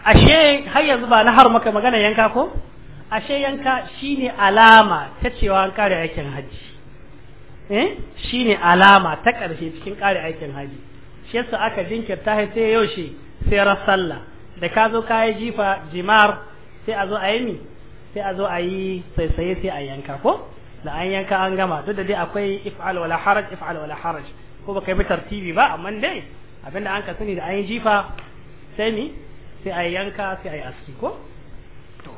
ashe har yanzu ba na har maka magana yanka ko ashe yanka shine alama ta cewa an kare aikin haji shine alama ta karshe cikin kare aikin haji shi yasa aka jinkirta har sai yau shi sai sallah da ka zo ka yi jifa jimar sai a zo a yi ni sai a zo a yi saisaye sai a yanka ko da an yanka an gama duk da dai akwai if'al wala haraj if'al wala haraj ko baka bi tartibi ba amma dai abinda an ka sani da an yi jifa sai mi sai ayi yanka sai ayi aski ko to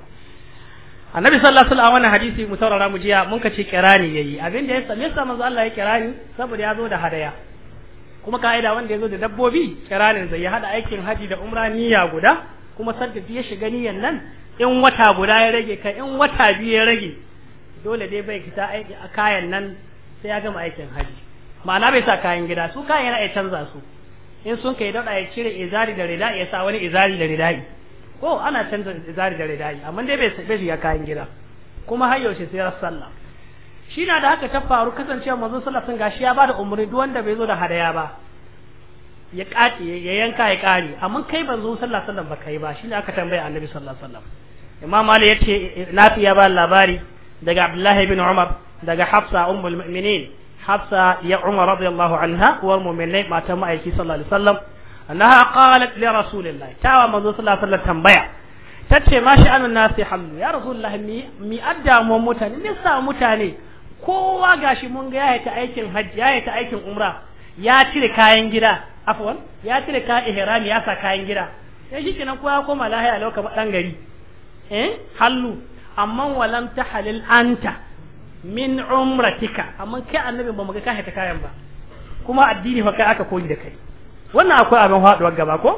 annabi sallallahu alaihi wasallam wannan hadisi mu taurara mu jiya mun kace kirani yayi abin da ya yasa manzo Allah ya kirani saboda ya zo da hadaya kuma ka'ida wanda ya zo da dabbobi kiranin zai hada aikin haji da umra niyya guda kuma sarki ya shiga niyyan nan in wata guda ya rage ka in wata biyu ya rage dole dai bai fita kayan nan sai ya gama aikin haji ma'ana bai sa kayan gida su kayan yana ya canza su in sun kai dauda ya cire izari da rida ya sa wani izari da rida ko ana canza izari da rida amma dai bai bai shiga kayan gida kuma har yaushe sai sallah shi na da haka ta faru kasancewa manzon sallah sun gashi ya bada umarni duk wanda bai zo da hadaya ba ya kaci ya yanka ya kare amma kai ban zo sallah wasallam ba kai ba shine aka tambaya annabi sallallahu alaihi wasallam imam ali yace nafi ya ba labari daga Abdullahi bin Umar daga Hafsa ummul mu'minin Hafsa ya Umar radiyallahu anha uwar mu'minai matan ma'aiki sallallahu alaihi wasallam annaha qalat li rasulillah tawa manzo sallallahu alaihi wasallam tambaya tace ma shi anun nasi hamdu ya rasulullah mi mi adda mu mutane ne sa mutane kowa gashi mun ga yayi ta aikin hajji yayi ta aikin umra ya cire kayan gida afwan ya cire ka ihrami ya sa kayan gida sai shi kenan kowa koma lahiya lokacin dan gari eh hallu amma walam halil anta min umratika amma kai annabi ba mu ga ka ta kayan ba kuma addini fa kai aka koyi da kai wannan akwai abin haduwar gaba ko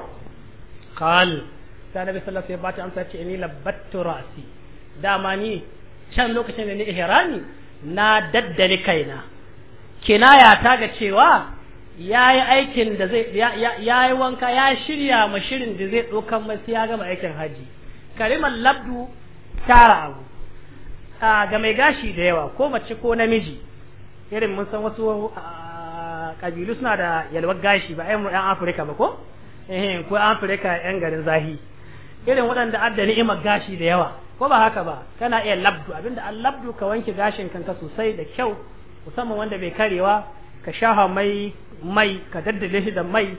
qal sai nabi sallallahu alaihi wasallam ya bata amsa ce ni labattu ra'si dama ni can lokacin da ni ihrami na daddare kaina kinaya ta ga cewa ya aikin da zai ya wanka ya shirya ma shirin da zai ɗaukan masu ya gama aikin haji kalimar labdu tara abu a ga mai gashi da yawa ko mace ko namiji irin mun san wasu kabilu suna da yalwar gashi ba ai mu yan afirka ba ko eh ko afirka yan garin zahi irin waɗanda adda ni'imar gashi da yawa ko ba haka ba kana iya labdu abinda an labdu ka wanke gashin kanka sosai da kyau musamman wanda bai karewa ka shafa mai mai ka daddale shi da mai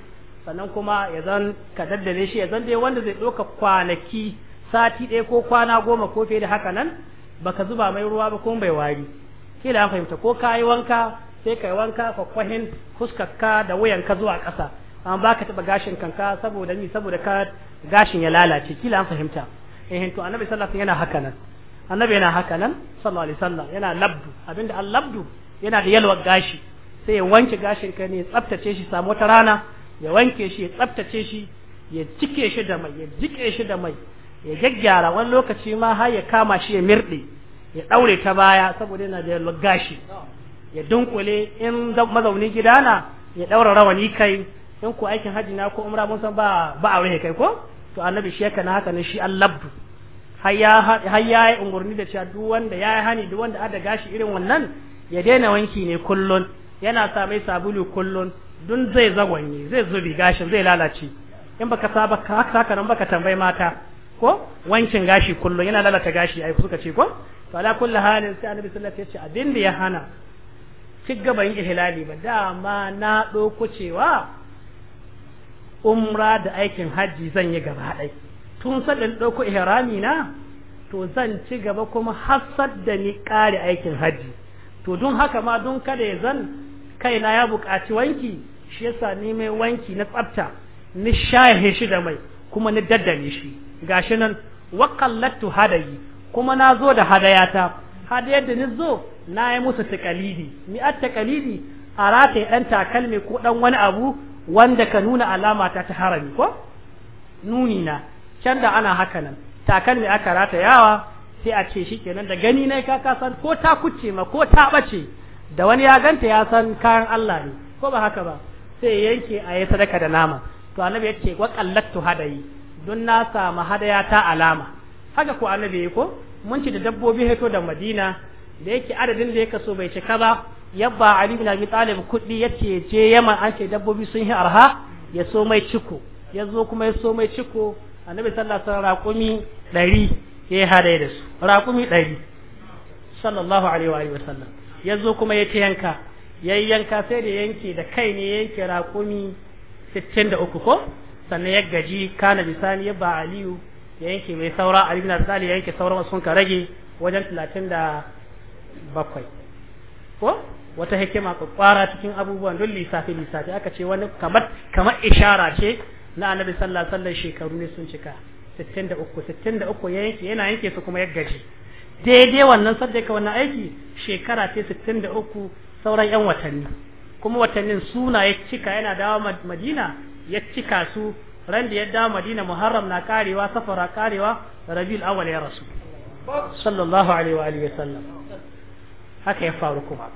sannan kuma ya zan ka daddale shi ya zan dai wanda zai ɗauka kwanaki sati ɗaya ko kwana goma ko fiye da haka nan baka zuba mai ruwa ba ko bai wari kila an fahimta ko ka yi wanka sai ka yi wanka kwakwahin fuskarka da wuyanka zuwa ƙasa ba ka taɓa gashin kanka saboda ni saboda ka gashin ya lalace kila an fahimta eh to annabi sallallahu yana haka nan annabi yana haka nan sallallahu alaihi wasallam yana labdu abinda al labdu yana da yalwar gashi sai ya wanke gashin ka ne ya tsaftace shi samu wata rana ya wanke shi ya tsaftace shi ya cike shi da mai ya jike shi da mai ya gyaggyara wani lokaci ma har ya kama shi ya mirɗe ya ɗaure ta baya saboda yana da gashi ya dunkule in mazaunin gida na ya ɗaura rawani kai in ko aikin haji na ko umra mun san ba ba aure kai ko to annabi shi yake na haka ne shi allabdu har ya yi umurni da cewa duk wanda ya yi hani duk wanda ada gashi irin wannan ya daina wanki ne kullun yana sa mai sabulu kullun dun zai zagwanye zai zubi gashin zai lalace in baka saba haka nan baka tambayi mata ko wancin gashi kullum yana lalata gashi ai suka ce ko to ala kulli halin sai annabi sallallahu alaihi wasallam ya ce abin da ya hana ci gaban ihlali ba dama na ɗauko cewa umra da aikin hajji zan yi gaba dai tun sadin ɗauko ihrami na to zan ci gaba kuma hassad da ni kare aikin hajji to don haka ma don kada ya zan kaina ya buƙaci wanki shi yasa ni mai wanki na tsafta ni shahe shi da mai kuma ni daddane shi gashi nan wa kallattu hadayi kuma na zo da hadayata hadayar da ni zo na yi musu takalidi ni a takalidi a rataye ɗan takalmi ko ɗan wani abu wanda ka nuna alama ta ta harami ko nuni na can da ana haka nan takalmi aka yawa sai a ce shi kenan da gani na ka san ko ta kuce ma ko ta ɓace da wani ya ganta ya san kayan Allah ne ko ba haka ba sai yanke a yi sadaka da nama to annabi yace wa kallattu hadayi don na samu hadaya ta alama haka ko annabi ya ko mun ci da dabbobi haito da madina da yake adadin da ya kaso bai cika ba yabba ali bin abi talib kudi yace je yamma an ce dabbobi sun yi arha ya so mai ciko ya zo kuma ya so mai ciko annabi sallallahu alaihi wasallam raƙumi 100 ya hadaya da su raƙumi 100 sallallahu alaihi wa sallam ya zo kuma ya ta yanka yayi yanka sai da yanke da kai ne yanke raƙumi 63 ko sannan ya gaji kana bisani ya ba aliyu ya yanke mai saura aliyu na tsali ya yanke sauran wasu ka rage wajen talatin da bakwai ko wata hikima kwara cikin abubuwan don lissafi lissafi aka ce wani kamar kamar ishara ce na annabi sallallahu alaihi wasallam shekaru ne sun cika 63 63 ya yanke yana yanke su kuma ya gaji daidai wannan ka wannan aiki shekara ce 63 sauran yan watanni kuma watannin suna ya cika yana dawo madina ya cika su ran da ya da Madina Muharram na karewa safara karewa Rabiul Awwal ya rasu sallallahu alaihi wa alihi wasallam haka ya faru kuma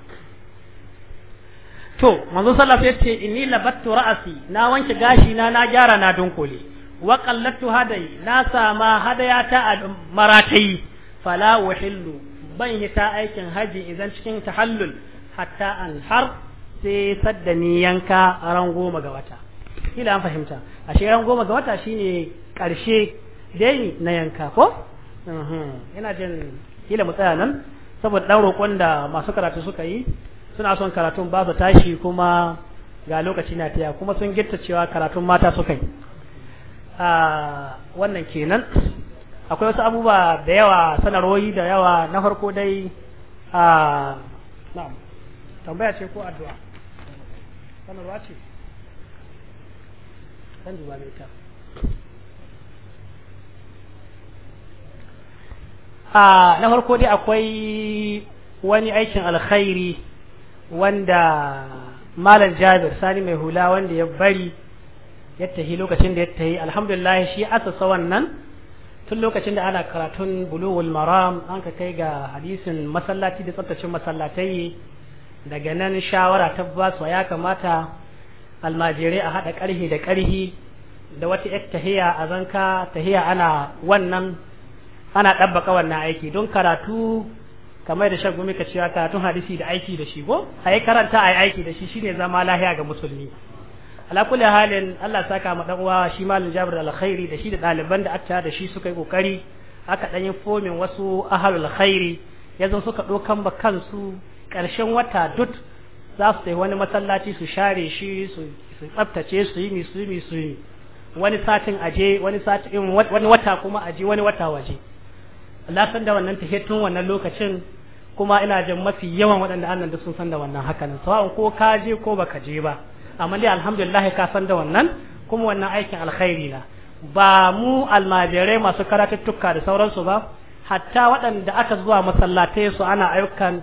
to manzo sallallahu alaihi wasallam yace inni labattu ra'asi na wanke gashi na na gyara na dunkule wa qallatu hadai na sama hadayata a maratai fala uhillu ban yi ta aikin haji idan cikin tahallul hatta an har sai sadda ni yanka ran goma ga wata kila an fahimta ashe shekaran goma ga wata shine karshe dai na yanka ko uhm. ina jin kila mu tsaya nan saboda ɗan roƙon da masu karatu suka yi suna son karatun ba su tashi kuma ga lokaci na taya kuma sun gitta cewa karatun mata suka yi ah, wannan kenan akwai wasu abubuwa da yawa sanarwoyi da yawa na farko dai a ah, tambaya ce ko addu'a sanarwa ce kan duba mai ta a na farko dai akwai wani aikin alkhairi wanda malam jabir sani mai hula wanda ya bari ya tahi lokacin da ya tahi alhamdulillah shi asasa wannan tun lokacin da ana karatun bulughul maram an ka kai ga hadisin masallaci da tsabtacin masallatai daga nan shawara ta su ya kamata almajirai a haɗa ƙarhi da ƙarhi da wata yar tahiya a zanka tahiya ana wannan ana ɗabbaka wannan aiki don karatu kamar da shan gumi ka cewa karatun hadisi da aiki da shi ko a yi karanta a yi aiki da shi shine zama lahiya ga musulmi alakuli halin Allah saka ma dan uwa shi malam Jabir alkhairi da shi da ɗaliban da aka da shi suka yi kokari aka ɗan yi fomin wasu ahalul khairi yanzu suka ɗaukan ba kansu ƙarshen wata duk za su sai wani masallaci su share shi su tsabtace su yi su yi su yi wani satin aje wani satin wani wata kuma aje wani wata waje Allah san da wannan tahiyyatun wannan lokacin kuma ina jin mafi yawan waɗanda annan da sun san da wannan hakanan sawa'un ko ka je ko baka je ba amma dai alhamdulillah ka san da wannan kuma wannan aikin alkhairi na ba mu almajirai masu karatuttuka da sauransu ba hatta waɗanda aka zuwa masallatai su ana ayyukan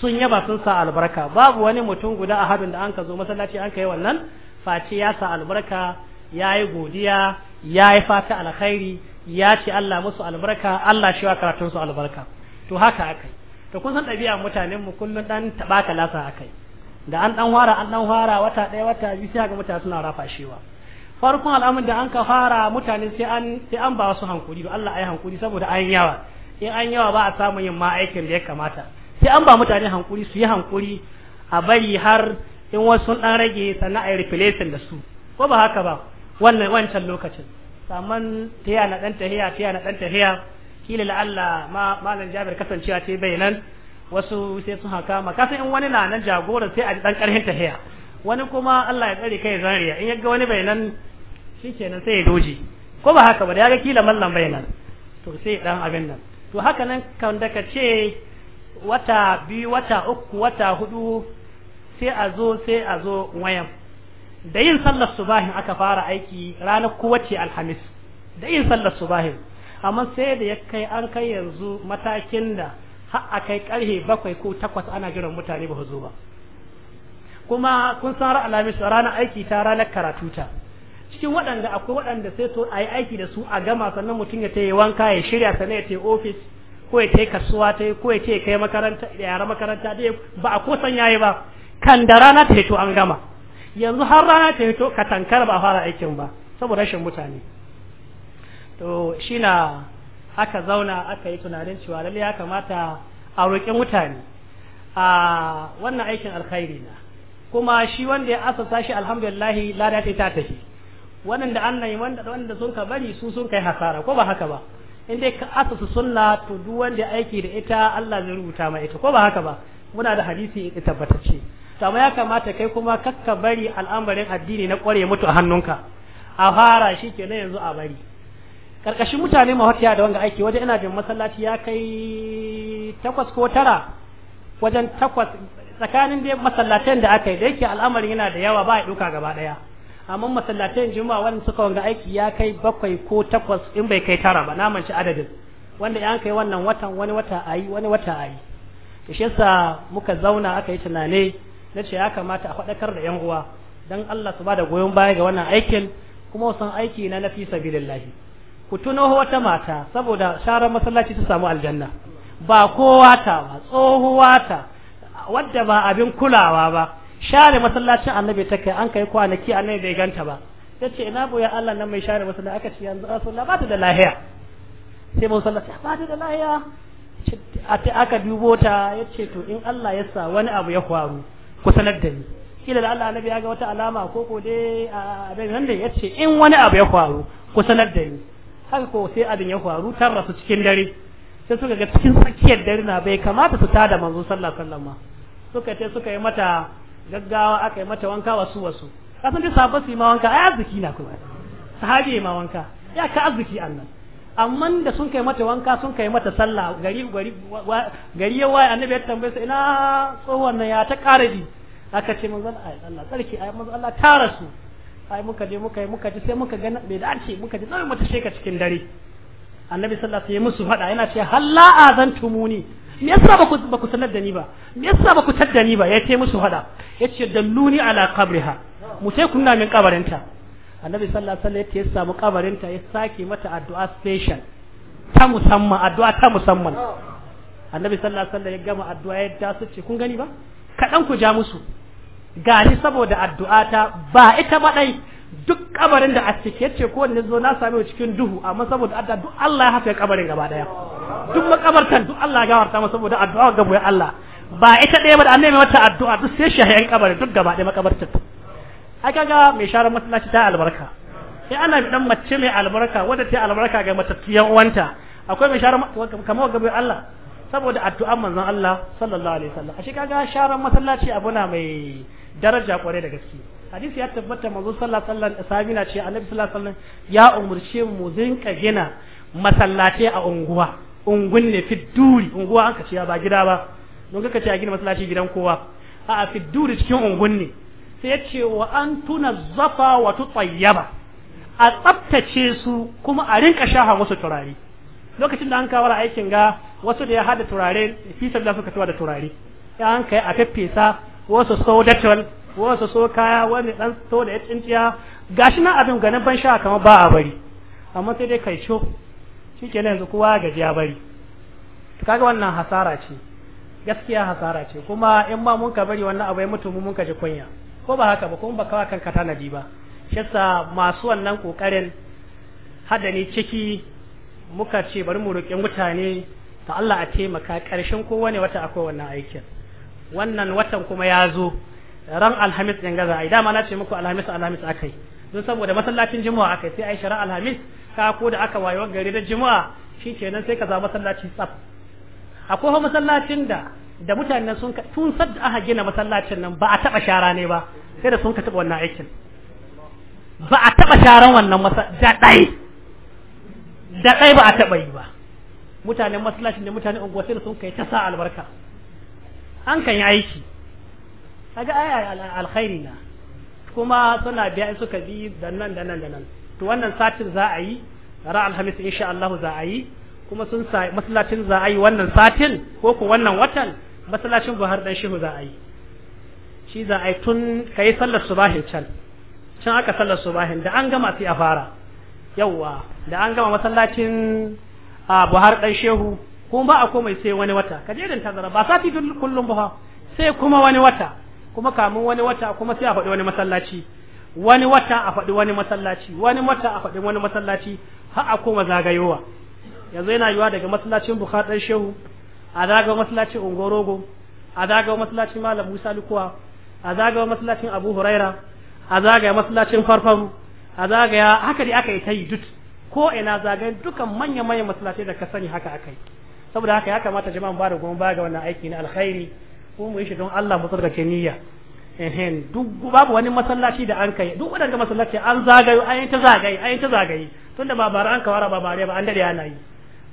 sun yaba sun sa albarka babu wani mutum guda a hadin da an ka zo masallaci an ka yi wannan face ya sa albarka ya yi godiya ya yi fata alkhairi ya ce Allah musu albarka Allah shi wa karatun su albarka to haka akai to kun san ɗabi'a mutanen mu kullun dan tabaka lasa akai da an dan fara an dan fara wata ɗaya wata biyu sai ga mutane suna rafa shewa farkon al'amun da an ka fara mutane sai an sai an ba su hankuri Allah ayi hankuri saboda an yawa in an yawa ba a samu yin ma aikin da ya kamata sai an ba mutane hankuri su yi hankuri a bari har in wasu dan rage sannan a yi replacing da su ko ba haka ba wannan wancan lokacin saman tahiya na dan tahiya tahiya na dan tahiya kila la Allah ma malam Jabir kasancewa ce bai nan wasu sai sun haka ma kasan in wani na nan jagora sai a ji dan karhin tahiya wani kuma Allah ya tsare kai zariya in yaga wani bai nan shikenan sai ya doji ko ba haka ba da yaga kila mallan bai nan to sai dan abin nan to haka nan kan da ce wata biyu wata uku wata hudu sai a zo sai a zo wayan da yin sallar subahin aka fara aiki ranar kowace alhamis da yin sallar subahin amma sai da ya kai an kai yanzu matakin da har a kai karhe bakwai ko takwas ana jiran mutane ba zo ba kuma kun san alhamis ranar aiki ta ranar karatu ta cikin waɗanda akwai waɗanda sai so a yi aiki da su a gama sannan mutum ya ta yi wanka ya shirya sannan ya ta yi ofis ko ya yi kasuwa ta yi ko ya tai kai makaranta yara makaranta da ba a kosan yayi ba kan da rana ta hito an gama yanzu har rana ta hito ka tankar ba fara aikin ba saboda rashin mutane to shi na aka zauna aka yi tunanin cewa lalle ya kamata a roƙi mutane a wannan aikin alkhairi na kuma shi wanda ya asa sashi alhamdulillahi lada ta tafi wannan da annayi wanda wanda sun ka bari su sun kai hasara ko ba haka ba in dai ka asasa sunna to duk wanda aiki da ita Allah zai rubuta ma ita ko ba haka ba muna da hadisi ita tabbatacce to amma ya kamata kai kuma kakka bari al'amarin addini na kware mutu a hannunka a fara shi ke yanzu a bari karkashin mutane mahaukiya da wanga aiki wajen ina jin masallaci ya kai takwas ko tara wajen takwas tsakanin dai masallatan da aka yi da yake al'amarin yana da yawa ba a ɗauka gaba ɗaya amma masallatai juma'a wanda suka wanga aiki ya kai bakwai ko takwas in bai kai tara ba naman shi adadin wanda ya kai wannan watan wani wata ayi wani wata ayi to shi yasa muka zauna aka yi tunani na ce ya kamata a faɗakar da yan uwa dan Allah su ba da goyon baya ga wannan aikin kuma wasan aiki na nafi sabilillahi ku tuno wata mata saboda sharar masallaci ta samu aljanna ba kowa ta ba tsohuwa ta wadda ba abin kulawa ba share masallacin annabi ta kai an kai kwanaki annabi bai ganta ba ta ce ina boye Allah nan mai share masallaci aka ce yanzu rasulullah ba ta da lahiya sai mun sallaci ba ta da lahiya A ta aka dubo ta ya ce to in Allah ya sa wani abu ya faru ku sanar da ni kila da Allah annabi ya ga wata alama ko ko dai abin nan da ya ce in wani abu ya faru ku sanar da ni har ko sai abin ya faru tar rasu cikin dare sai suka ga cikin tsakiyar dare na bai kamata su tada manzo sallallahu alaihi wasallam suka ce suka yi mata gaggawa aka yi mata wanka wasu wasu kasan dai sahabba su yi ma wanka ai arziki na kuma sahabi yi ma wanka ya ka arziki annan amma da sun kai mata wanka sun kai mata sallah gari gari gari ya waye annabi ya tambaye su ina tsohon nan ya ta karaji aka ce manzon Allah sarki ai manzon Allah ta rasu ai muka je muka yi muka ji sai muka ga bai dace muka ji sai mata sheka cikin dare annabi sallallahu alaihi wasallam ya musu fada yana ce halla azantumuni me yasa baku ku sanar da ni ba me yasa tar da ni ba ya ce musu hada yace dalluni ala qabriha mu sai kunna min kabarinta annabi sallallahu alaihi wasallam ya samu kabarinta ya sake mata addu'a special ta musamman addu'a ta musamman annabi sallallahu alaihi wasallam ya gama addu'a ya ta su kun gani ba kadan ku ja musu gani saboda addu'a ta ba ita ba dai duk kabarin da a cike yace ko wanne zo na same cikin duhu amma saboda adda duk Allah ya hafa kabarin gaba daya duk makabartan duk Allah ya gawarta masa saboda addu'a ga boye Allah ba ita daya ba da annabi mata addu'a duk sai yan kabarin duk gaba daya makabartan ai kaga mai sharar masallaci ta albarka sai ana bi dan mace mai albarka wadda ta albarka ga tiyan uwanta akwai mai sharar kamar ga boye Allah saboda addu'an manzon Allah sallallahu alaihi wasallam ashe kaga sharar masallaci abuna mai daraja kwarai da gaske hadisi ya tabbata manzo sallallahu alaihi wasallam ce annabi sallallahu alaihi wasallam ya umurce mu zinka gina masallatai a unguwa ungun ne fi duri unguwa an kace ba gida ba don kaka ce a gina masallaci gidan kowa a a fi duri cikin ungun ne sai ya an wa zafa zafa wa tutayyaba a tsaftace su kuma a rinka shaha musu turare lokacin da an kawo aikin ga wasu da ya hada turare fi sabda suka tawa da turare ya an kai a fefesa wasu so detol wasu so kaya wani dan so da ya tsinciya gashi nan abin ganin ban sha kamar ba a bari amma sai dai kai co yanzu kowa gajiya ya bari kaga wannan hasara ce gaskiya hasara ce kuma in ba mun ka bari wannan abu ya mutu mun ka ji kunya ko ba haka ba kuma ba kawa kanka tanadi ba shi masu wannan kokarin hada ne ciki muka ce bari mu roƙi mutane ta Allah a taimaka ƙarshen kowane wata akwai wannan aikin wannan watan kuma ya zo ran alhamis ɗin gaza ai dama na ce muku alhamis alhamis akai don saboda masallacin juma'a akai sai a yi shara alhamis ka ko da aka wayo gari da juma'a nan sai ka za masallaci tsaf akwai masallacin da da mutanen sun ka tun sadda aka gina masallacin nan ba a taba shara ne ba sai da sun ka taba wannan aikin ba a taba sharan wannan masa da dai da ba a taba yi ba mutanen masallacin da mutanen unguwa sai da sun kai ta sa albarka an kan yi aiki kaga ai alkhairi na kuma suna biya in suka bi da nan da nan da nan to wannan satin za a yi ra alhamis insha Allah za a yi kuma sun sa masallacin za a yi wannan satin ko ko wannan watan masallacin Buhari dan Shehu za a yi shi za a yi tun kai sallar subahin can can aka sallar subahin da an gama sai a fara yawwa da an gama masallacin a Buhari dan Shehu kuma ba a komai sai wani wata ka je dan tazara ba sati kullum ba sai kuma wani wata kuma kamun wani wata kuma sai a faɗi wani masallaci wani wata a faɗi wani masallaci wani wata a faɗi wani masallaci har a koma zagayowa yanzu yana yiwa daga masallacin Bukhari dan Shehu a zagawa masallacin Ungorogo a zagawa masallacin Malam Musa Lukuwa a zagawa masallacin Abu Huraira a zagaya masallacin Farfaru a zagaya haka dai aka yi ta yi duk ko ina zagayen dukan manya-manyan masallacin da ka sani haka akai. saboda haka ya kamata jama'an ba da goma ba ga wannan aiki na alkhairi ko mu yi shi don Allah mu tsarkake niyya ehen duk babu wani masallaci da an kai duk wadanda masallaci an zagayo an ta zagaye an ta zagaye tunda ba bara an kawara ba bare ba an dade ana yi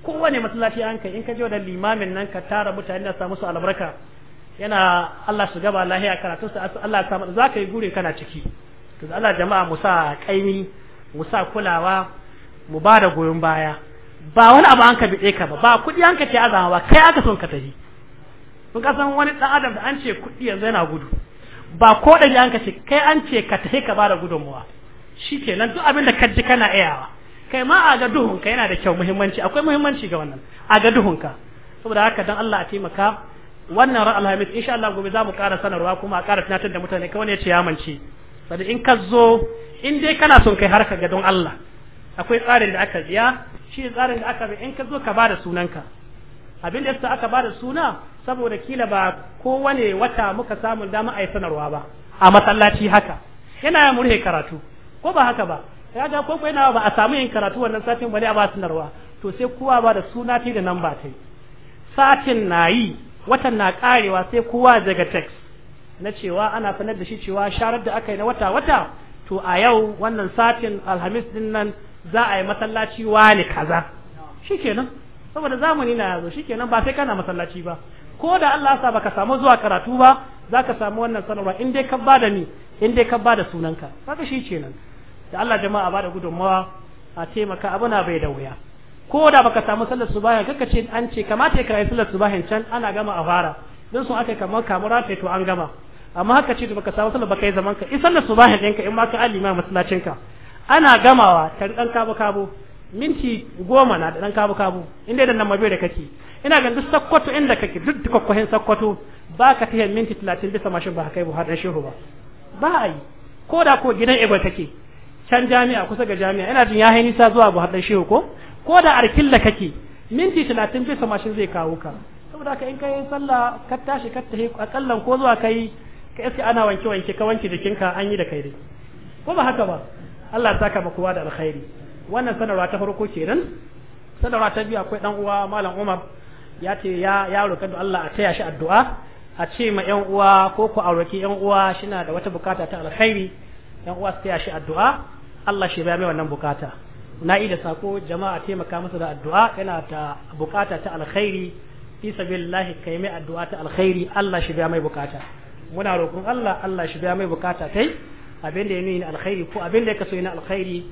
kowane masallaci an kai in ka je da limamin nan ka tara mutane na samu su albarka yana Allah su gaba lahiya karatu su Allah ya samu zaka yi gure kana ciki to Allah jama'a mu sa kaimi mu sa kulawa mu ba da goyon baya ba wani abu an ka biɗe ka ba ba kuɗi an ka ce azawa ba kai aka son ka tafi kun ka san wani dan adam da an ce kuɗi yanzu yana gudu ba ko da an ka ce kai an ce ka tafi ka bada gudunmuwa shikenan duk abin da ka ji kana iyawa kai ma a ga duhunka yana da kyau muhimmanci akwai muhimmanci ga wannan a ga duhunka saboda haka dan Allah a taimaka wannan ran alhamis insha Allah gobe za mu ƙara sanarwa kuma a ƙara tunatar da mutane kawai ne ce ya mance saboda in ka zo in dai kana son kai harka ga don Allah akwai tsarin da aka biya shi tsarin da aka bi in ka zo ka bada sunanka abin da yasa aka bada suna saboda kila ba kowane wata muka samu dama a yi sanarwa ba a masallaci haka yana ya murhe karatu ko ba haka ba ya ga ko yana ba a samu yin karatu wannan satin bane a ba sanarwa to sai kowa ba da suna ta da nan ba ta satin na yi watan na karewa sai kowa daga text na cewa ana sanar da shi cewa sharar da aka yi na wata wata to a yau wannan satin alhamis din nan za a yi masallaci ne kaza shikenan saboda zamani na yazo shikenan ba sai kana masallaci ba ko da Allah ya sa baka samu zuwa karatu ba zaka samu wannan sanarwa in dai ka bada ni in dai ka bada sunanka kaga shi kenan da Allah jama'a bada gudunmawa a taimaka abu na bai da wuya ko da baka samu sallar subahin kaka ce an ce kamata ka yi sallar subahin can ana gama a fara don sun aka kamar kamura ta to an gama amma haka ce baka samu sallar baka yi zaman ka in sallar subahin ɗinka in ma ka alima masallacin ka ana gamawa ta dan kabu kabu minti goma na da dan kabu kabu inda dan nan mabe da kake ina ga duk sakkwato inda kake duk kokohin sakkwato ba ka minti 30 bisa mashin ba kai ba dan shehu ba ba ai ko da ko gidan ego take can jami'a kusa ga jami'a ina jin ya haini sa zuwa bu dan shehu ko ko da arkilla kake minti 30 bisa mashin zai kawo ka saboda ka in kai sallah ka tashi ka tahi akallan ko zuwa kai ka iske ana wanke wanke ka wanke jikinka an yi da kai dai ko ba haka ba Allah ya saka kowa da alkhairi wannan sanarwa ta farko kenan sanarwa ta biyu akwai dan uwa malam Umar ya ce ya ya roƙa da Allah a taya shi addu'a a ce ma yan uwa ko ku auraki yan uwa shina da wata bukata ta alkhairi yan uwa su taya shi addu'a Allah shi biya mai wannan bukata na da sako jama'a taimaka masa da addu'a yana ta bukata ta alkhairi fi sabilillahi kai mai addu'a ta alkhairi Allah shi biya mai bukata muna roƙon Allah Allah shi biya mai bukata kai abin da ya nuna alkhairi ko abin da ya kaso yana alkhairi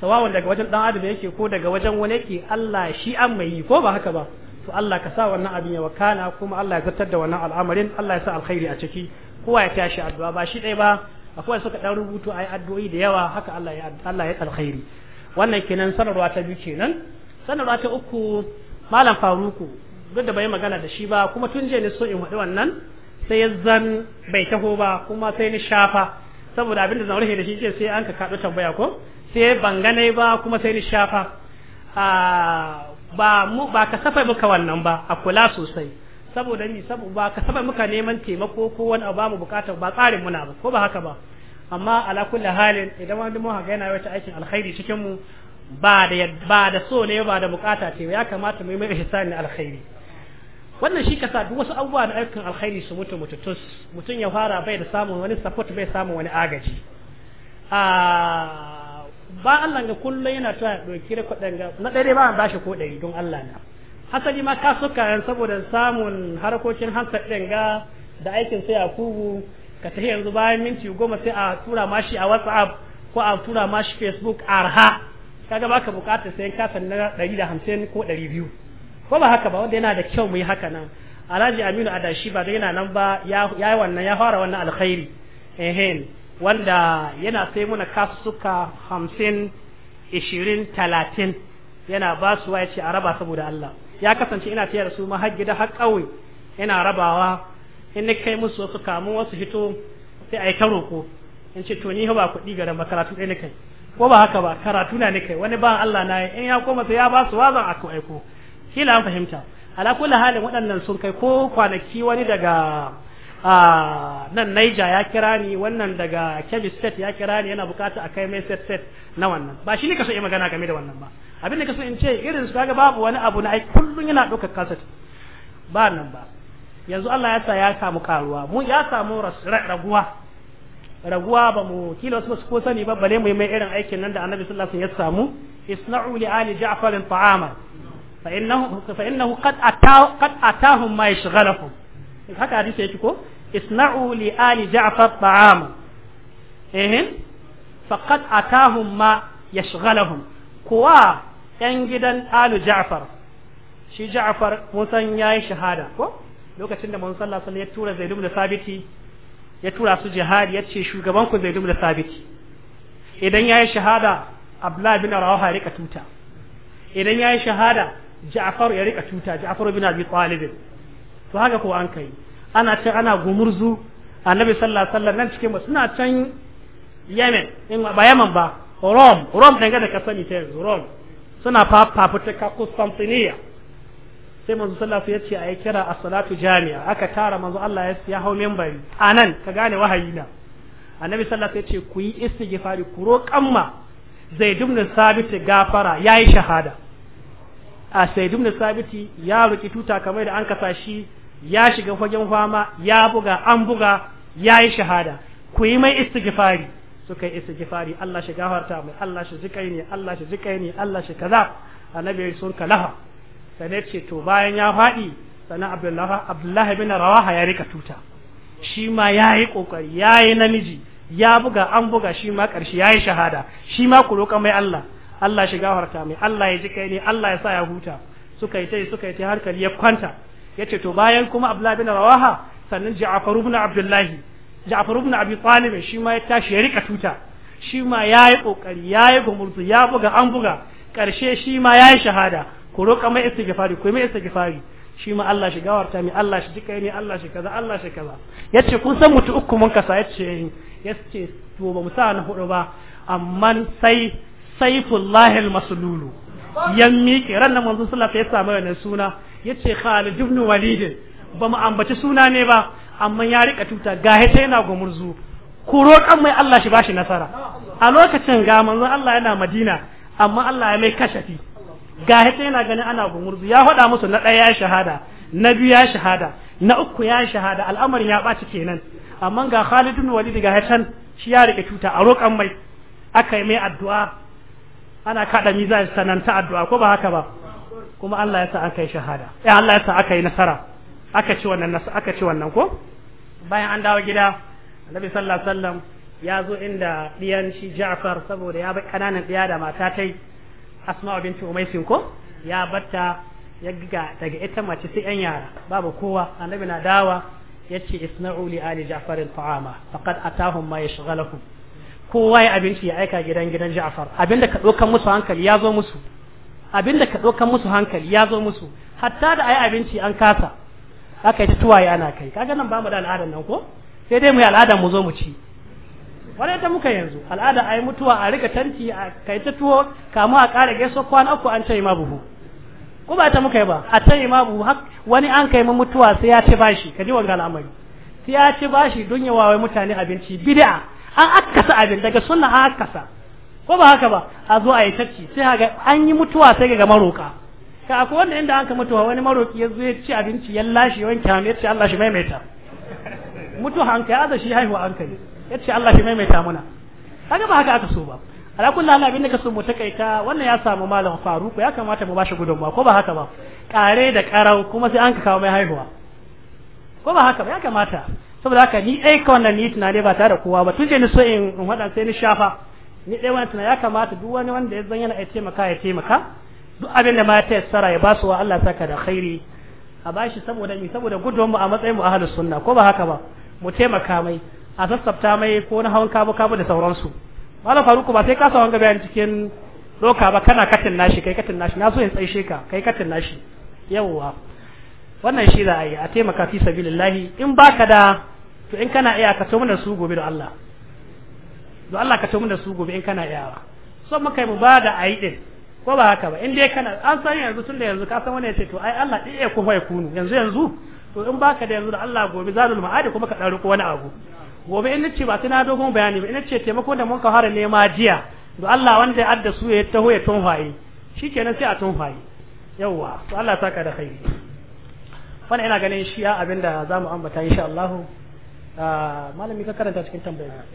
sawawan daga wajen dan adam yake ko daga wajen wani yake Allah shi an mai yi ko ba haka ba to Allah ka sa wannan abin ya wakana kuma Allah ya zartar da wannan al'amarin Allah ya sa alkhairi a ciki kowa ya tashi addu'a ba shi ɗaya ba akwai suka dan rubutu ayi addu'o'i da yawa haka Allah ya Allah ya alkhairi wannan kenan sanarwa ta biyu kenan sanarwa ta uku malam faruku duk da bai magana da shi ba kuma tun jiya ne so in wadi wannan sai yazan bai taho ba kuma sai ni shafa saboda abin da zan rufe da shi ce sai an ka kaɗo tambaya ko sai ban gane ba kuma sai ni shafa ba mu ba safa muka wannan ba a kula sosai saboda ni saboda ba ka safa muka neman taimako ko wani abu ba mu bukatar ba tsarin muna ba ko ba haka ba amma ala kulli halin idan wani mu haka yana wata aikin alkhairi cikin mu ba da so ne ba da bukata ce ya kamata mu yi mai ihsani alkhairi wannan shi kasa duk wasu abubuwa na aikin alkhairi su mutu mututus mutum ya fara bai da samun wani support bai samun wani agaji a ah, ba Allah ga kullum yana ta doki da kuɗin ga na dare ba an bashi ko ɗari don Allah na hasali ma ka suka saboda samun harkokin hansa ɗin ga da aikin sai a kugu ka tafi yanzu bayan minti goma sai a tura mashi a whatsapp ko a tura mashi facebook arha kaga baka bukatar sai ka na ɗari da hamsin ko ɗari biyu ko ba haka ba wanda yana da kyau mu yi haka nan alhaji aminu adashi ba da yana nan ba ya yi wannan ya fara wannan alkhairi ehen wanda yana sai muna kasuka hamsin ishirin talatin yana ba su ya ce a raba saboda Allah ya kasance ina tayar su mahajjida har ƙauye ina rabawa in ni kai musu wasu kamun wasu hito sai a yi ta roƙo in ce to ni ba kuɗi ga ba karatu ɗaya ni kai ko ba haka ba karatu na ni kai wani ba Allah na in ya koma sai ya ba su wazan a aiko kila an fahimta ala kulli halin waɗannan sun kai ko kwanaki wani daga a nan Naija ya kira ni wannan daga Kebbi State ya kira ni yana bukata a kai mai set set na wannan ba shi ne ka so yi magana game da wannan ba abin da ka so in ce irin su kaga babu wani abu na ai kullun yana ɗaukar kaset ba nan ba yanzu Allah ya sa ya samu karuwa mu ya samu raguwa raguwa ba mu kila wasu su ko sani ba bale mu yi mai irin aikin nan da Annabi sallallahu alaihi wasallam ya samu isna'u li ali ja'far ta'ama فإنه فإنه قد أتاه قد أتاهم ما يشغلهم هكا حديث يشكو اصنعوا لآل جعفر طعاما إيه فقد أتاهم ما يشغلهم كوا ينجدا آل جعفر شي جعفر موسى ياي شهادة كو lokacin da manzon Allah sallallahu ya tura Zaid da Sabiti ya tura su jihad ya ce shugaban ku Zaid da Sabiti idan yayi shahada Abdullah bin Rawaha rika tuta idan yayi shahada Ja'far ya rika cuta Ja'far bin Abi Talib to haka ko an kai ana ce ana gumurzu annabi sallallahu alaihi wasallam nan cikin suna can Yemen in ba Yemen ba Rome Rome dan ga da ka sani ta yanzu Rome suna fafutuka Constantinople sai manzo sallallahu ya ce a kira a salatu jami'a aka tara manzo Allah ya hau membari anan ka gane wahayi na annabi sallallahu ya ce ku yi istighfari ku roƙan ma zaid ibn sabit gafara yayi shahada a said ibn sabiti ya ruki tuta kamar da an kasa shi ya shiga fagen fama ya buga an buga ya yi shahada ku yi mai istighfari suka yi istighfari Allah shi gafarta mai Allah shi zikai ne Allah shi zikai ne Allah shi kaza annabi sun kalaha sanar ce to bayan ya faɗi sannan abdullahi abdullahi bin rawaha ya rika tuta shi ma ya yi ƙoƙari ya yi namiji ya buga an buga shi ma ƙarshe ya yi shahada shi ma ku roƙa mai Allah Allah shi gafarta mai Allah ya ji kai ne Allah ya sa ya huta suka yi tai suka yi tai ya kwanta yace to bayan kuma Abdullah bin Rawaha sannan Ja'far ibn Abdullahi Ja'far ibn Abi Talib shi ma ya tashi ya rika tuta shi ma yayi kokari yayi gumurtu ya buga an buga karshe shi ma yayi shahada ku roƙa mai istighfari ku mai istighfari shi ma Allah shi gawarta mi Allah shi jika ne Allah shi kaza Allah shi kaza yace kun san mutu uku mun kasa yace yace to ba mu sa na hudu ba amma sai saifullahi al-maslulu yan miƙe ran nan manzo sallallahu alaihi wasallam ya samu suna yace Khalid ibn Walid ba mu ambaci suna ne ba amma ya rika tuta gahe ta yana gumurzu ku roƙan mai Allah shi bashi nasara a lokacin ga manzo Allah yana Madina amma Allah ya mai kashafi gahe ta yana ganin ana gumurzu ya faɗa musu na ɗaya ya shahada na biyu ya shahada na uku ya shahada al'amarin ya ɓaci kenan amma ga Khalid ibn Walid ga shi ya rike tuta a roƙan mai aka yi mai addu'a ana kada mizan sanan ta addu'a ko ba haka ba kuma Allah ya sa aka yi shahada eh Allah ya sa aka yi nasara aka ci wannan nasa aka ci wannan ko bayan an dawo gida Annabi sallallahu alaihi wasallam ya zo inda diyan shi Ja'far saboda ya bar kananan diya da mata tai Asma binti Umaysin ko ya batta ya ga daga ita mace sai yan yara babu kowa Annabi na dawa yace isna'u li ali Ja'far al-ta'ama faqad atahum ma yashghalukum kowa ya abinci ya aika gidan gidan Ja'far abinda ka dokan musu hankali ya zo musu abinda ka dokan musu hankali ya zo musu hatta da ayi abinci an kasa aka yi tuwaye ana kai kaga nan bamu da al'adan nan ko sai dai mu yi al'adan mu zo mu ci wani ta muka yanzu al'ada ayi mutuwa a rika tanti a kai ta tuwo kamu a ƙara gaiso kwana uku an tayi ma buhu ko ba ta muka yi ba a tayi ma buhu wani an kai mu mutuwa sai ya ci bashi kaji wanga al'amari sai ya ci bashi don wawai mutane abinci bid'a an akasa abin daga sunna an akasa ko ba haka ba a zo a yi tacci sai ga an yi mutuwa sai ga maroka ka ko wanda inda an ka mutuwa wani maroki ya zo ya ci abinci ya lashe wanke hannu ya ce Allah shi maimaita mutuwa an kai aza shi haihuwa an kai ya ce Allah shi maimaita muna kaga ba haka aka so ba ala kullu hal abin da ka so mu takaita wannan ya samu malam Faruku ya kamata mu bashi gudunmawa ko ba haka ba kare da karau kuma sai an ka kawo mai haihuwa ko ba haka ba ya kamata saboda haka ni ɗaya ka wannan ni tunani ba tare da kowa ba tun je ni so in haɗa sai ni shafa ni ɗaya wannan tunani ya kamata duk wani wanda ya zan yana ya taimaka ya taimaka duk abin da ma ya tsara ya basu wa Allah saka da khairi a bashi saboda mi saboda gudun a matsayin mu ahlus sunna ko ba haka ba mu taimaka mai a sassafta mai ko na hawan kabu kabu da sauransu malam faruku ba sai ka sa wanga bayan cikin doka ba kana katin nashi kai katin nashi na so in tsaishe ka kai katin nashi yawwa wannan shi za a yi a taimaka fi lillahi in ba ka da to in kana iya ka da su gobe da Allah da Allah ka da su gobe in kana iya so muka yi mu ba da yi ɗin ko ba haka ba in dai kana an san yanzu tun da yanzu ka san wani ya ce to ai Allah ɗin ya kuma ya kunu yanzu yanzu to in ba ka da yanzu da Allah gobe za zulma adi kuma ka dan riko wani abu gobe in nace ba sai na dogon bayani ba in nace taimako da mun ka fara nema jiya da Allah wanda ya adda su ya taho ya tunhaye shikenan sai a tunhaye yawa to Allah saka da khairi wannan ina ganin shi ya abin da za mu ambata insha Allah ah, malami ka karanta cikin tambayar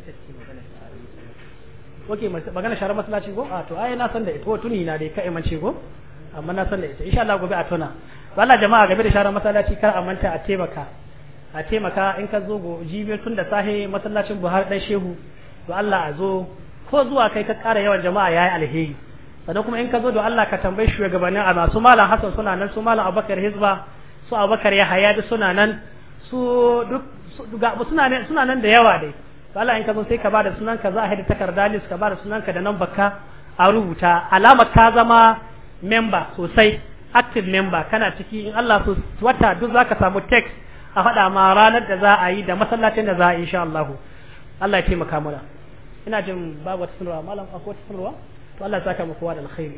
ok magana sharar masallaci go a ah, to ai na san da ita ko tuni na dai ka imance go amma na san da ita insha Allah gobe a tona wallahi jama'a game da sharar masallaci kar a manta a taimaka a taimaka in ka zo jibiyar tun da sahe masallacin Buhari dan Shehu to Allah a zo ko zuwa kai ka ƙara yawan jama'a yayi alheri sannan kuma in ka zo da Allah ka tambayi shugabannin a masu malam Hassan suna nan su malam Abubakar Hizba su abakar ya haya da suna nan su duk ga suna nan suna nan da yawa dai to Allah in ka zo sai ka bada sunan ka zahir takarda list ka bada sunan ka da nan baka a rubuta alama ka zama member sosai active member kana ciki in Allah so wata duk zaka samu text a faɗa ma ranar da za a yi da masallacin da za a yi insha Allah Allah ya taimaka mana ina jin babu wata sanarwa malam akwai wata sanarwa to Allah ya saka muku kowa da alkhairi